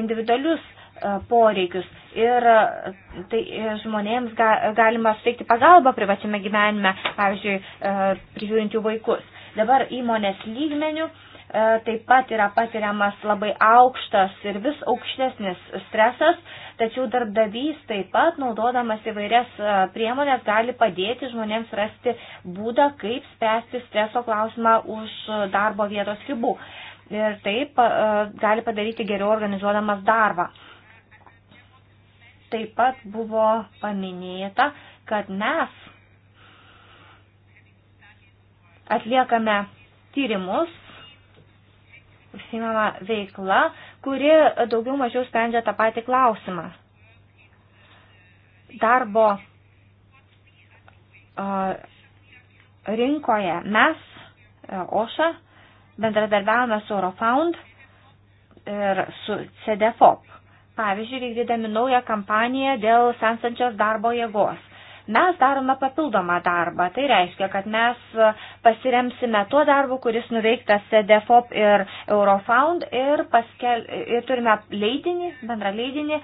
individualius E, poreikius. Ir e, tai e, žmonėms ga, galima suteikti pagalbą privačiame gyvenime, pavyzdžiui, prižiūrint jų vaikus. Dabar įmonės lygmenių taip pat yra patiriamas labai aukštas ir vis aukštesnis stresas, tačiau darbdavys taip pat, naudodamas įvairias priemonės, gali padėti žmonėms rasti būdą, kaip spręsti streso klausimą už darbo vietos ribų. Ir taip gali padaryti geriau organizuodamas darbą taip pat buvo paminėta, kad mes atliekame tyrimus, užsimama veikla, kuri daugiau mažiau sprendžia tą patį klausimą. Darbo rinkoje mes, OŠA, bendradarbiavome su Eurofound ir su CDFOP. Pavyzdžiui, vykdydami naują kampaniją dėl sensančios darbo jėgos. Mes darome papildomą darbą. Tai reiškia, kad mes pasiremsime tuo darbu, kuris nuveiktas DFOP ir Eurofound ir, paskel, ir turime leidinį, bendrą leidinį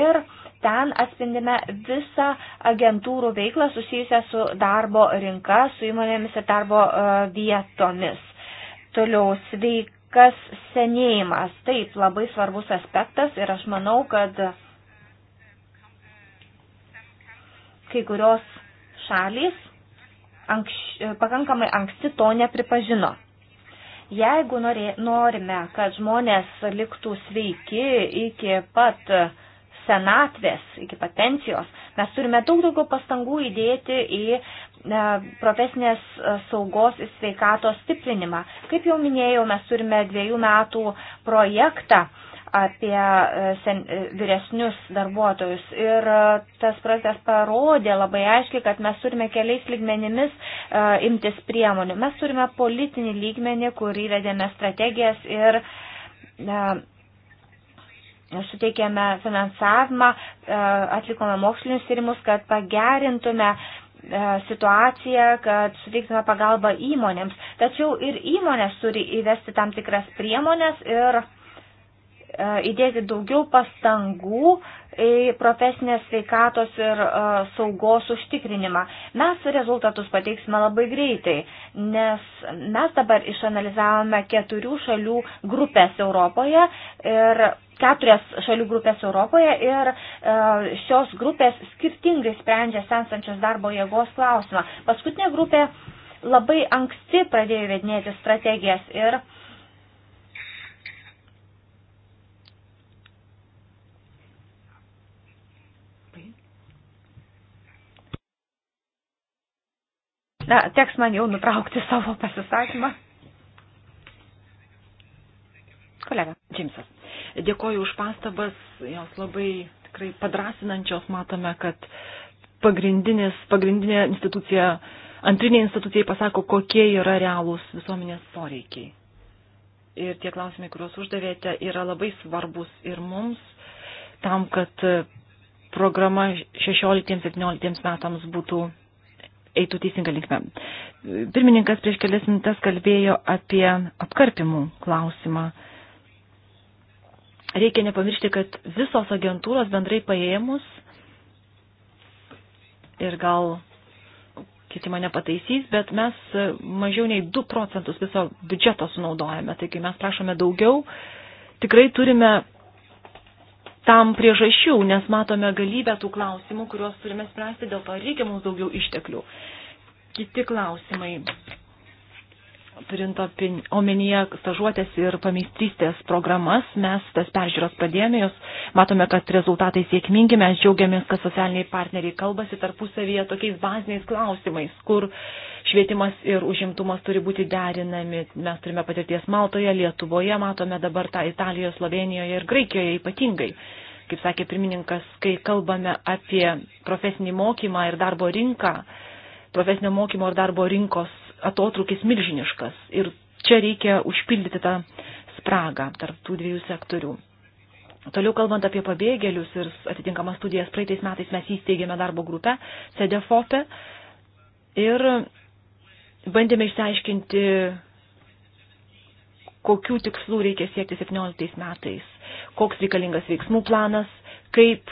ir ten atspindime visą agentūrų veiklą susijusią su darbo rinka, su įmonėmis ir darbo e, vietomis. Toliau sveik kas senėjimas. Taip, labai svarbus aspektas ir aš manau, kad kai kurios šalys anks, pakankamai anksti to nepripažino. Jeigu norė, norime, kad žmonės liktų sveiki iki pat senatvės, iki pat pensijos. Mes turime daug daugiau pastangų įdėti į e, profesinės e, saugos ir sveikatos stiprinimą. Kaip jau minėjau, mes turime dviejų metų projektą apie e, sen, vyresnius darbuotojus. Ir tas projektas parodė labai aiškiai, kad mes turime keliais lygmenimis uh, imtis priemonių. Mes turime politinį lygmenį, kur įvedėme strategijas ir uh, suteikėme finansavimą, e, atlikome mokslinius tyrimus, kad pagerintume e, situaciją, kad suteiktume pagalbą įmonėms. Tačiau ir įmonės turi įvesti tam tikras priemonės ir e, įdėti daugiau pastangų į profesinės sveikatos ir saugos užtikrinimą. Mes rezultatus pateiksime labai greitai, nes mes dabar išanalizavome keturių šalių grupės Europoje ir keturias šalių grupės Europoje ir e, šios grupės skirtingai sprendžia sensančios darbo jėgos klausimą. Paskutinė grupė labai anksti pradėjo vedinėti strategijas ir Na, teks man jau nutraukti savo pasisakymą. Kolega Džimsas. Dėkoju už pastabas, jos labai tikrai padrasinančios, matome, kad pagrindinė institucija, antrinė institucija pasako, kokie yra realūs visuomenės poreikiai. Ir tie klausimai, kuriuos uždavėte, yra labai svarbus ir mums, tam, kad programa 16-17 metams būtų eitų teisinga linkme. Pirmininkas prieš kelias mintas kalbėjo apie apkarpimų klausimą reikia nepamiršti, kad visos agentūros bendrai paėmus ir gal kiti mane pataisys, bet mes mažiau nei 2 procentus viso biudžeto sunaudojame. Taigi mes prašome daugiau. Tikrai turime tam priežasčių, nes matome galybę tų klausimų, kuriuos turime spręsti, dėl to reikia mums daugiau išteklių. Kiti klausimai turinto omenyje stažuotės ir pameistrystės programas, mes tas peržiūros pradėjome, jos matome, kad rezultatai sėkmingi, mes džiaugiamės, kad socialiniai partneriai kalbasi tarpusavyje tokiais baziniais klausimais, kur švietimas ir užimtumas turi būti derinami. Mes turime patirties Maltoje, Lietuvoje, matome dabar tą Italijoje, Slovenijoje ir Graikijoje ypatingai. Kaip sakė pirmininkas, kai kalbame apie profesinį mokymą ir darbo rinką, profesinio mokymo ir darbo rinkos atotrukis milžiniškas ir čia reikia užpildyti tą spragą tarp tų dviejų sektorių. Toliau kalbant apie pabėgėlius ir atitinkamas studijas, praeitais metais mes įsteigėme darbo grupę CDFOPE ir bandėme išsiaiškinti, kokių tikslų reikia siekti 17 metais, koks reikalingas veiksmų planas, kaip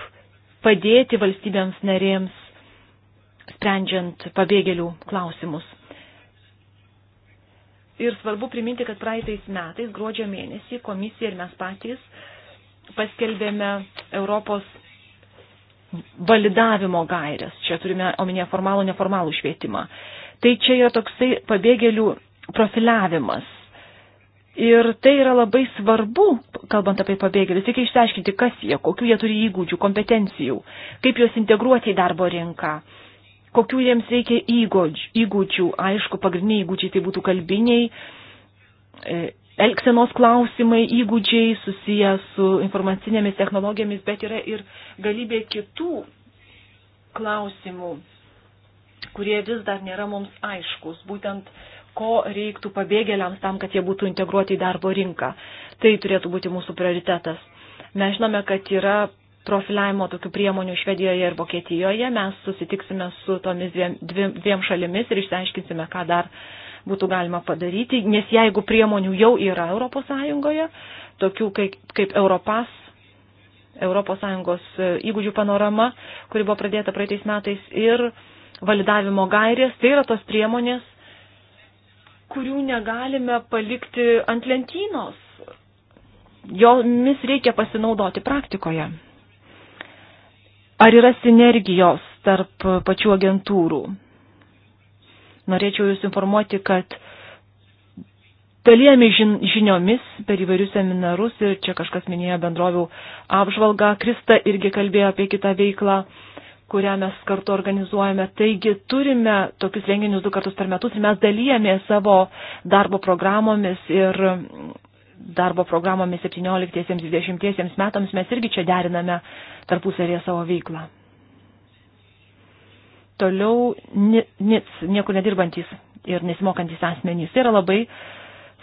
padėti valstybėms narėms sprendžiant pabėgėlių klausimus. Ir svarbu priminti, kad praeitais metais, gruodžio mėnesį, komisija ir mes patys paskelbėme Europos validavimo gairias. Čia turime omenyje formalų, neformalų švietimą. Tai čia yra toksai pabėgėlių profiliavimas. Ir tai yra labai svarbu, kalbant apie pabėgėlius, reikia išsiaiškinti, kas jie, kokiu jie turi įgūdžių, kompetencijų, kaip juos integruoti į darbo rinką kokių jiems reikia įgūdžių. Aišku, pagrindiniai įgūdžiai tai būtų kalbiniai, e, elgsenos klausimai, įgūdžiai susiję su informacinėmis technologijomis, bet yra ir galybė kitų klausimų, kurie vis dar nėra mums aiškus, būtent ko reiktų pabėgėliams tam, kad jie būtų integruoti į darbo rinką. Tai turėtų būti mūsų prioritetas. Mes žinome, kad yra profiliavimo tokių priemonių Švedijoje ir Vokietijoje. Mes susitiksime su tomis dviem, dviem, dviem šalimis ir išsiaiškinsime, ką dar būtų galima padaryti, nes jeigu priemonių jau yra ES, tokių kaip, kaip Europas, ES e, įgūdžių panorama, kuri buvo pradėta praeitais metais, ir validavimo gairės, tai yra tos priemonės, kurių negalime palikti ant lentynos. Jomis reikia pasinaudoti praktikoje. Ar yra sinergijos tarp pačių agentūrų? Norėčiau Jūs informuoti, kad dalyjami žiniomis per įvairius seminarus ir čia kažkas minėjo bendrovių apžvalgą. Krista irgi kalbėjo apie kitą veiklą, kurią mes kartu organizuojame. Taigi turime tokius renginius du kartus per metus ir mes dalyjame savo darbo programomis ir darbo programomis 17-20 metams mes irgi čia deriname tarpusavėje savo veiklą. Toliau nic, niekur nedirbantis ir nesimokantis asmenys. Tai yra labai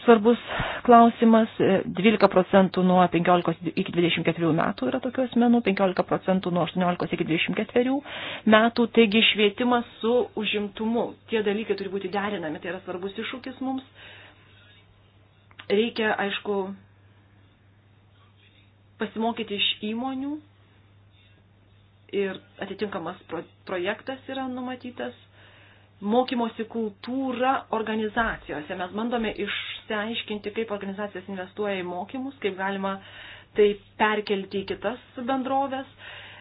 svarbus klausimas. 12 procentų nuo 15 iki 24 metų yra tokių asmenų, 15 procentų nuo 18 iki 24 metų. Taigi švietimas su užimtumu. Tie dalykai turi būti derinami. Tai yra svarbus iššūkis mums Reikia, aišku, pasimokyti iš įmonių ir atitinkamas projektas yra numatytas. Mokymosi kultūra organizacijose. Mes bandome išsiaiškinti, kaip organizacijos investuoja į mokymus, kaip galima tai perkelti į kitas bendrovės.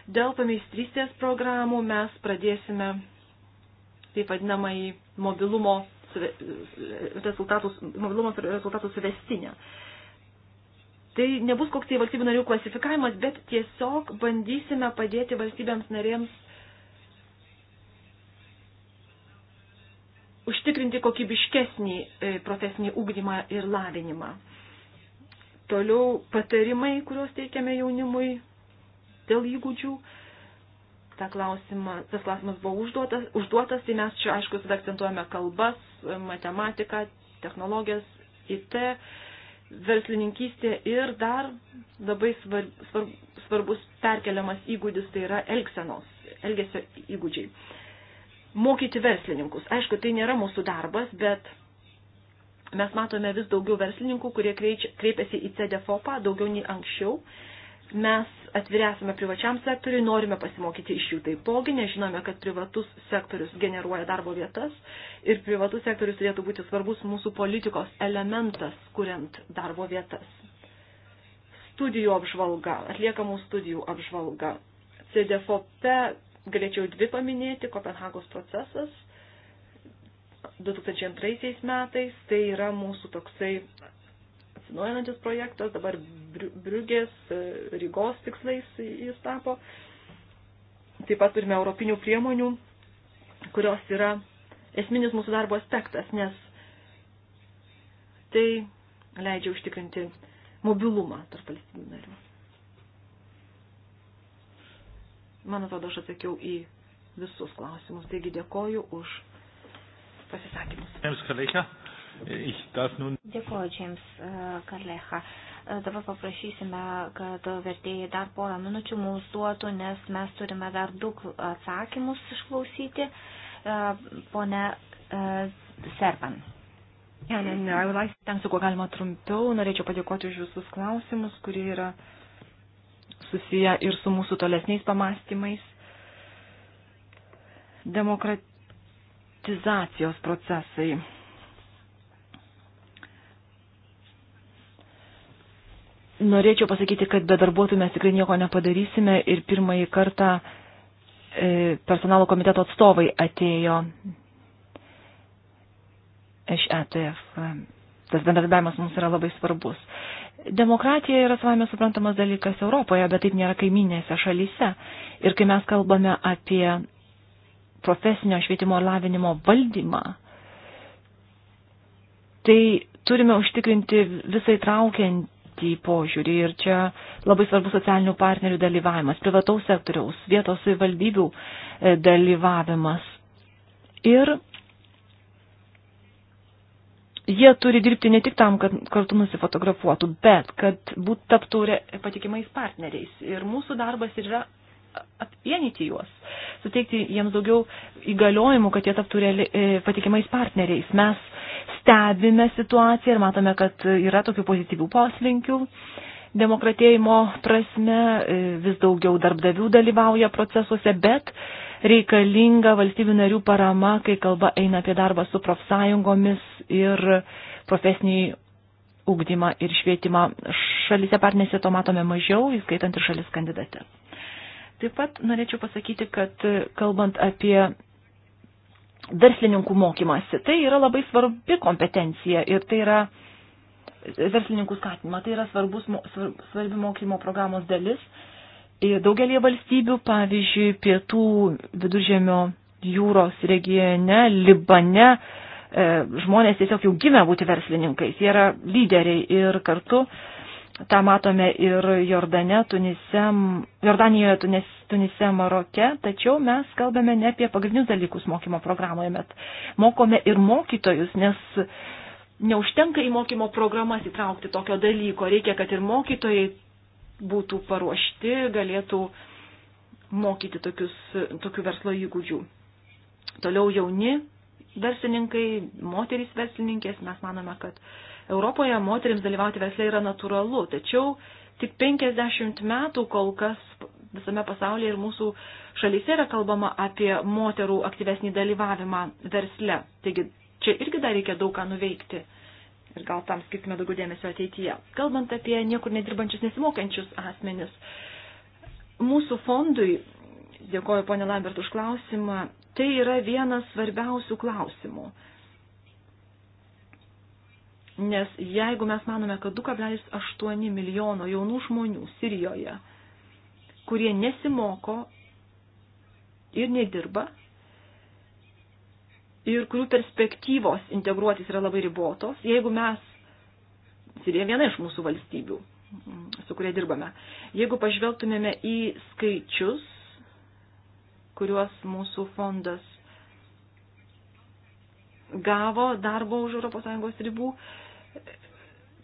Dėl pameistrystės programų mes pradėsime taip vadinamąjį mobilumo rezultatus, mobilumas rezultatų suvestinė. Tai nebus koks tai valstybių narių klasifikavimas, bet tiesiog bandysime padėti valstybėms narėms užtikrinti kokybiškesnį e, profesinį ūkdymą ir lavinimą. Toliau patarimai, kuriuos teikiame jaunimui dėl įgūdžių ta klausimą, tas klausimas buvo užduotas, užduotas, tai mes čia aišku visada akcentuojame kalbas, matematiką, technologijas, IT, verslininkystė ir dar labai svarb, svarb, svarbus perkeliamas įgūdis tai yra elgsenos, elgesio įgūdžiai. Mokyti verslininkus. Aišku, tai nėra mūsų darbas, bet mes matome vis daugiau verslininkų, kurie kreipiasi į CDFOPą daugiau nei anksčiau. Mes atviri esame privačiam sektoriui, norime pasimokyti iš jų taipogi, nežinome, kad privatus sektorius generuoja darbo vietas ir privatus sektorius turėtų būti svarbus mūsų politikos elementas, kuriant darbo vietas. Studijų apžvalga, atliekamų studijų apžvalga. CDFOP galėčiau dvi paminėti, Kopenhagos procesas 2002 metais, tai yra mūsų toksai atsinaujinantis projektas, dabar Briugės, e, Rygos tikslais jis tapo. Taip pat turime europinių priemonių, kurios yra esminis mūsų darbo aspektas, nes tai leidžia užtikrinti mobilumą tarp valstybių narių. Man atrodo, aš atsakiau į visus klausimus, taigi dėkoju už pasisakymus. Jums kalėkia. Nun... Dėkuoju, James e, Karlecha. E, dabar paprašysime, kad vertėjai dar porą minučių mums duotų, nes mes turime dar du atsakymus išklausyti. E, pone Serban. Ne, ne, ne, like... Tenksiu, kuo galima trumpiau. Norėčiau padėkoti už visus klausimus, kurie yra susiję ir su mūsų tolesniais pamastymais. Demokratizacijos procesai norėčiau pasakyti, kad be darbuotojų mes tikrai nieko nepadarysime ir pirmąjį kartą e, personalo komiteto atstovai atėjo iš ETF. Tas bendradarbiavimas mums yra labai svarbus. Demokratija yra savame suprantamas dalykas Europoje, bet taip nėra kaiminėse šalyse. Ir kai mes kalbame apie profesinio švietimo ir lavinimo valdymą, tai turime užtikrinti visai traukiant tokį požiūrį. Ir čia labai svarbu socialinių partnerių dalyvavimas, privataus sektoriaus, vietos savivaldybių e, dalyvavimas. Ir jie turi dirbti ne tik tam, kad kartu nusifotografuotų, bet kad būt taptų patikimais partneriais. Ir mūsų darbas yra apvienyti juos, suteikti jiems daugiau įgaliojimų, kad jie taptų reali, e, patikimais partneriais. Mes stebime situaciją ir matome, kad yra tokių pozityvių poslinkių. Demokratėjimo prasme e, vis daugiau darbdavių dalyvauja procesuose, bet reikalinga valstybių narių parama, kai kalba eina apie darbą su profsąjungomis ir profesinį ugdymą ir švietimą. Šalise partnėse to matome mažiau, įskaitant ir šalis kandidates. Taip pat norėčiau pasakyti, kad e, kalbant apie verslininkų mokymasi, tai yra labai svarbi kompetencija ir tai yra e, verslininkų skatinimą, tai yra svarbus, svarbi mokymo programos dalis. Ir daugelie valstybių, pavyzdžiui, pietų viduržėmio jūros regione, Libane, e, žmonės tiesiog jau gimė būti verslininkais, jie yra lyderiai ir kartu uh, Ta matome ir Jordane, Tunise, Jordanijoje, Tunis, Tunise, Maroke, tačiau mes kalbame ne apie pagrindinius dalykus mokymo programoje, bet mokome ir mokytojus, nes neužtenka į mokymo programas įtraukti tokio dalyko, reikia, kad ir mokytojai būtų paruošti, galėtų mokyti tokius, tokių verslo įgūdžių. Toliau jauni verslininkai, moterys verslininkės, mes manome, kad uh, Europoje moteriams dalyvauti versle yra natūralu, tačiau tik 50 metų kol kas visame pasaulyje ir mūsų šalyse yra kalbama apie moterų aktyvesnį dalyvavimą versle. Taigi čia irgi dar reikia daug ką nuveikti ir gal tam skirtume daugiau dėmesio ateityje. Kalbant apie niekur nedirbančius, nesimokančius asmenis, mūsų fondui, dėkoju ponė Lambert už klausimą, tai yra vienas svarbiausių klausimų. Nes jeigu mes manome, kad 2,8 milijono jaunų žmonių Sirijoje, kurie nesimoko ir nedirba, ir kurių perspektyvos integruotis yra labai ribotos, jeigu mes, Sirija viena iš mūsų valstybių, su kuria dirbame, jeigu pažvelgtumėme į skaičius, kuriuos mūsų fondas gavo darbo už ES ribų,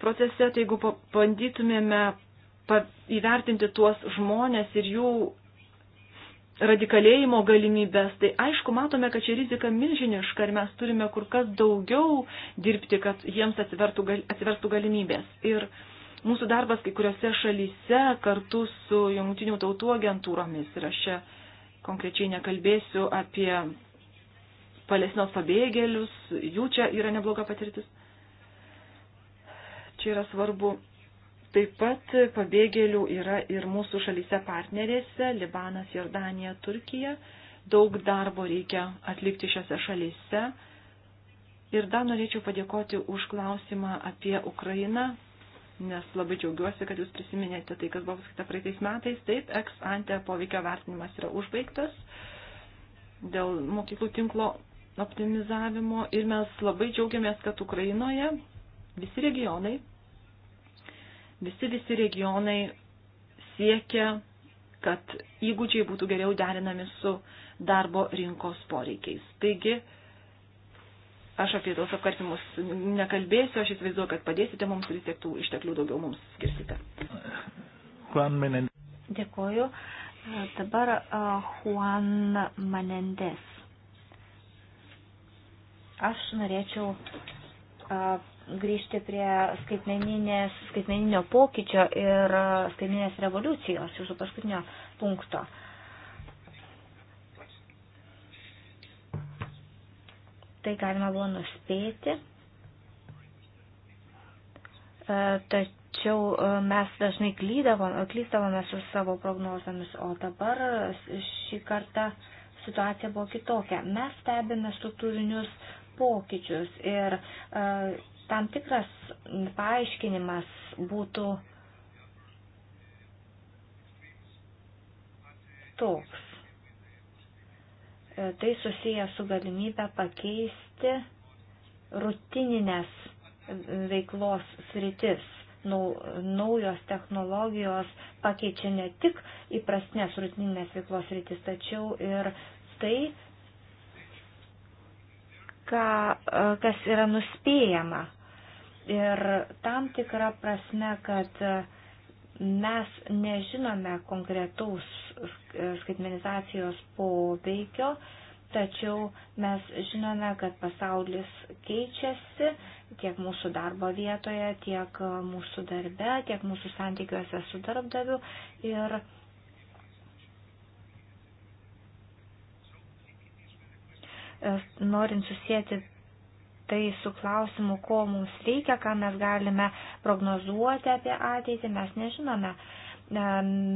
procese, tai jeigu bandytumėme įvertinti tuos žmonės ir jų radikalėjimo galimybės, tai aišku, matome, kad čia rizika milžiniška ir mes turime kur kas daugiau dirbti, kad jiems atsiverstų galimybės. Ir mūsų darbas kai kuriuose šalyse kartu su jungtinių tautų agentūromis, ir aš čia konkrečiai nekalbėsiu apie palestinos pabėgėlius, jų čia yra nebloga patirtis čia yra svarbu. Taip pat pabėgėlių yra ir mūsų šalyse partnerėse - Libanas, Jordanija, Turkija. Daug darbo reikia atlikti šiose šalyse. Ir dar norėčiau padėkoti už klausimą apie Ukrainą, nes labai džiaugiuosi, kad jūs prisiminėte tai, kas buvo pasakyta praeitais metais. Taip, ex ante poveikio vertinimas yra užbaigtas dėl mokyklų tinklo optimizavimo ir mes labai džiaugiamės, kad Ukrainoje visi regionai Visi, visi regionai siekia, kad įgūdžiai būtų geriau derinami su darbo rinkos poreikiais. Taigi, aš apie tos apkarpimus nekalbėsiu, aš įsivaizduoju, kad padėsite mums ir vis tiek tų išteklių daugiau mums skirsite. Dėkuoju. Dabar uh, Juan Manendes. Aš norėčiau uh, grįžti prie skaitmeninio pokyčio ir e, skaitmeninės revoliucijos, jūsų paskutinio punkto. Tai galima buvo nuspėti. E, tačiau e, mes dažnai klydavome su savo prognozėmis, o dabar šį kartą situacija buvo kitokia. Mes stebime struktūrinius pokyčius ir uh, tam tikras paaiškinimas būtų toks. Tai susiję su galimybę pakeisti rutininės veiklos sritis. Naujos technologijos pakeičia ne tik įprastinės rutininės veiklos sritis, tačiau ir tai, ką, kas yra nuspėjama Ir tam tikra prasme, kad mes nežinome konkretaus skaitmenizacijos poveikio, tačiau mes žinome, kad pasaulis keičiasi tiek mūsų darbo vietoje, tiek mūsų darbe, tiek mūsų santykiuose su darbdaviu. Ir norint susijęti tai su klausimu, ko mums reikia, ką mes galime prognozuoti apie ateitį, mes nežinome. E,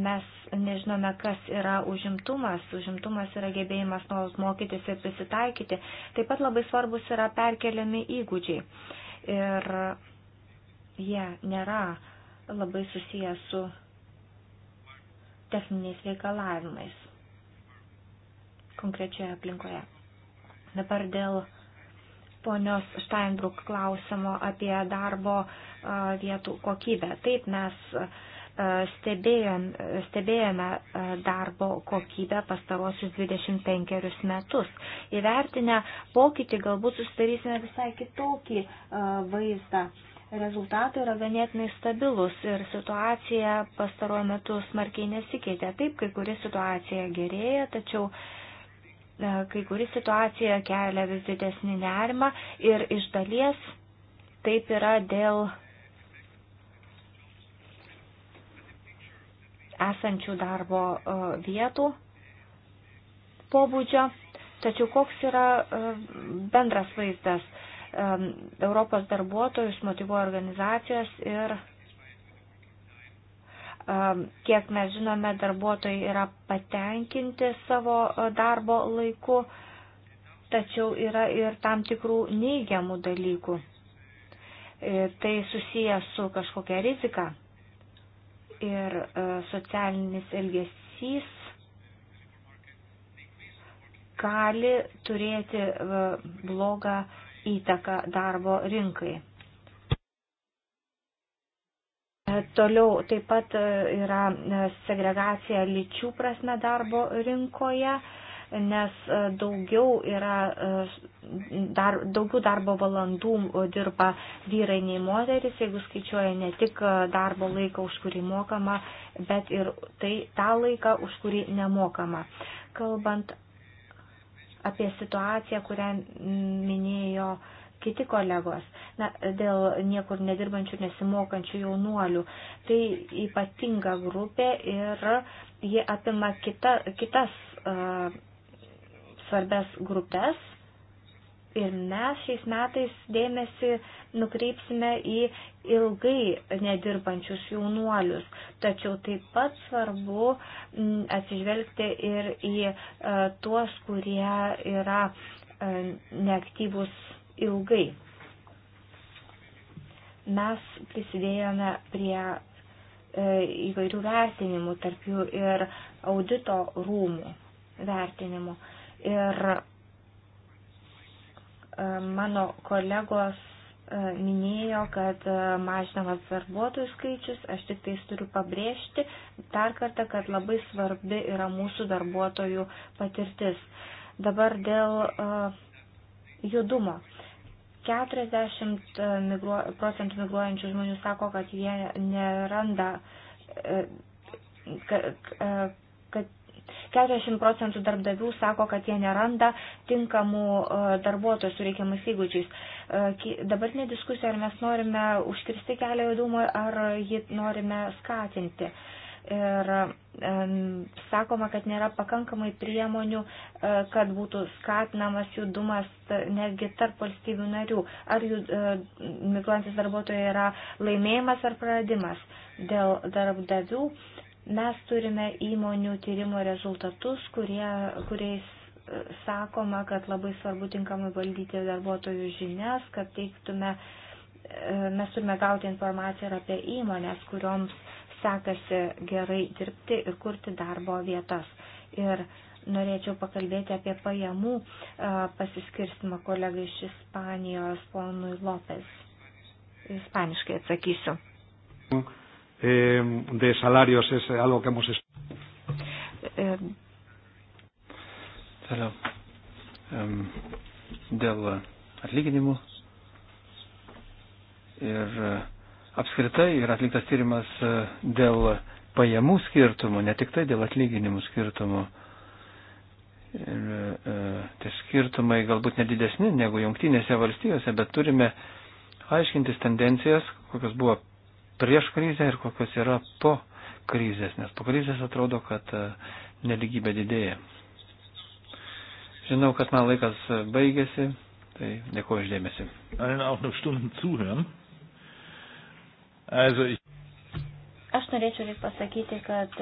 mes nežinome, kas yra užimtumas. Užimtumas yra gebėjimas nuolat mokytis ir prisitaikyti. Taip pat labai svarbus yra perkeliami įgūdžiai. Ir jie yeah, nėra labai susiję su techniniais reikalavimais konkrečioje aplinkoje. Dabar dėl ponios Steinbruk klausimo apie darbo vietų kokybę. Taip mes stebėjom, stebėjome darbo kokybę pastarosius 25 metus. Įvertinę pokytį galbūt susidarysime visai kitokį vaizdą. Rezultatai yra ganėtinai stabilus ir situacija pastaruoju metu smarkiai nesikeitė. Taip, kai kuri situacija gerėja, tačiau uh, E, kai kuri situacija kelia vis didesnį nerimą ir iš dalies taip yra dėl esančių darbo e, vietų pobūdžio. Tačiau koks yra e, bendras vaizdas? Europos darbuotojus motyvuoja organizacijos ir Kiek mes žinome, darbuotojai yra patenkinti savo darbo laiku, tačiau yra ir tam tikrų neigiamų dalykų. E, tai susiję su kažkokia rizika ir socialinis elgesys gali turėti blogą įtaką darbo rinkai. E, toliau taip pat e, yra e, segregacija lyčių prasme darbo rinkoje, nes daugiau, yra, dar, daugiau darbo valandų dirba vyrai nei moteris, jeigu skaičiuoja ne tik darbo laiką, už kurį mokama, bet ir tai, tą laiką, už kurį nemokama. Kalbant apie situaciją, kurią minėjo uh, kiti kolegos, na, dėl niekur nedirbančių, nesimokančių jaunuolių. Tai ypatinga grupė ir jie apima kita, kitas uh, svarbes grupės. Ir mes šiais metais dėmesį nukreipsime į ilgai nedirbančius jaunuolius. Tačiau taip pat svarbu atsižvelgti ir į uh, tuos, kurie yra uh, neaktyvus ilgai. Mes prisidėjome prie e, įvairių vertinimų, tarp jų ir audito rūmų vertinimų. Ir e, mano kolegos e, minėjo, kad mažinamas darbuotojų skaičius, aš tik tais turiu pabrėžti dar kartą, kad labai svarbi yra mūsų darbuotojų patirtis. Dabar dėl judumo. 40 e, migruo, procentų migruojančių žmonių sako, kad jie neranda, e, e, kad, kad 40 procentų darbdavių sako, kad jie neranda tinkamų darbuotojų su reikiamais įgūdžiais. Dabartinė diskusija, ar mes norime užkirsti kelią judumui, ar jį norime skatinti. Uh, Ir e, sakoma, kad nėra pakankamai priemonių, e, kad būtų skatinamas judumas netgi tarp valstybių narių. Ar jų e, migrantis darbuotojai yra laimėjimas ar praradimas dėl darbdavių? Mes turime įmonių tyrimo rezultatus, kurie, kuriais sakoma, kad labai svarbu tinkamai valdyti darbuotojų žinias, kad teiktume, mes turime gauti informaciją ir apie įmonės, kurioms sekasi gerai dirbti ir kurti darbo vietas. Ir norėčiau pakalbėti apie pajamų e, pasiskirstimą kolegai iš Ispanijos, ponui Lopez. Ispaniškai atsakysiu. E, de salarios es algo que hemos e, Toliau. Dėl atlyginimų ir apskritai yra atliktas tyrimas e, dėl pajamų skirtumų, ne tik tai dėl atlyginimų skirtumų. Ir e, tie skirtumai galbūt nedidesni negu jungtinėse valstijose, bet turime aiškintis tendencijas, kokios buvo prieš krizę ir kokios yra po krizės, nes po krizės atrodo, kad e, neligybė didėja. Žinau, kad man laikas baigėsi, tai dėkuoju išdėmesi. Also ich Aš norėčiau tik pasakyti, kad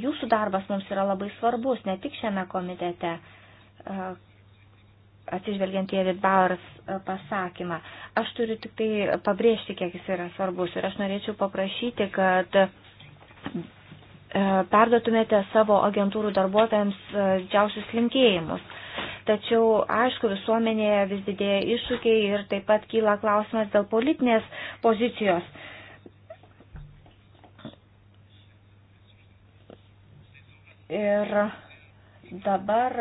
jūsų darbas mums yra labai svarbus, ne tik šiame komitete, atsižvelgiant į Edith Bauers pasakymą. Aš turiu tik tai pabrėžti, kiek jis yra svarbus ir aš norėčiau paprašyti, kad perduotumėte savo agentūrų darbuotojams didžiausius linkėjimus. Tačiau, aišku, visuomenėje vis didėja iššūkiai ir taip pat kyla klausimas dėl politinės pozicijos. Ir dabar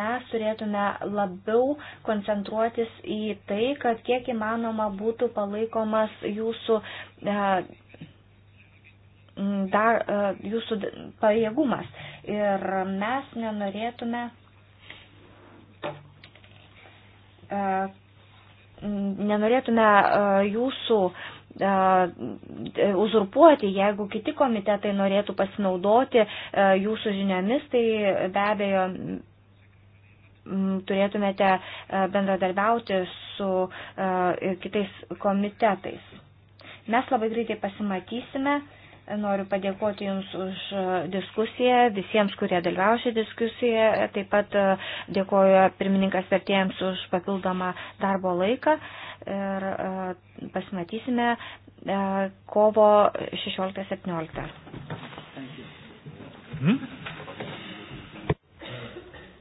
mes turėtume labiau koncentruotis į tai, kad kiek įmanoma būtų palaikomas jūsų, e, dar, e, jūsų pajėgumas. Ir mes nenorėtume E, nenorėtume e, jūsų e, uzurpuoti, jeigu kiti komitetai norėtų pasinaudoti jūsų žiniomis, tai be abejo turėtumėte bendradarbiauti su kitais komitetais. Mes labai greitai pasimatysime. Noriu padėkoti Jums už e, diskusiją, visiems, kurie dalyvavo šią diskusiją. Taip pat e, dėkoju pirmininkas vertėjams už papildomą darbo laiką. Ir e, pasimatysime kovo 16-17. Hmm?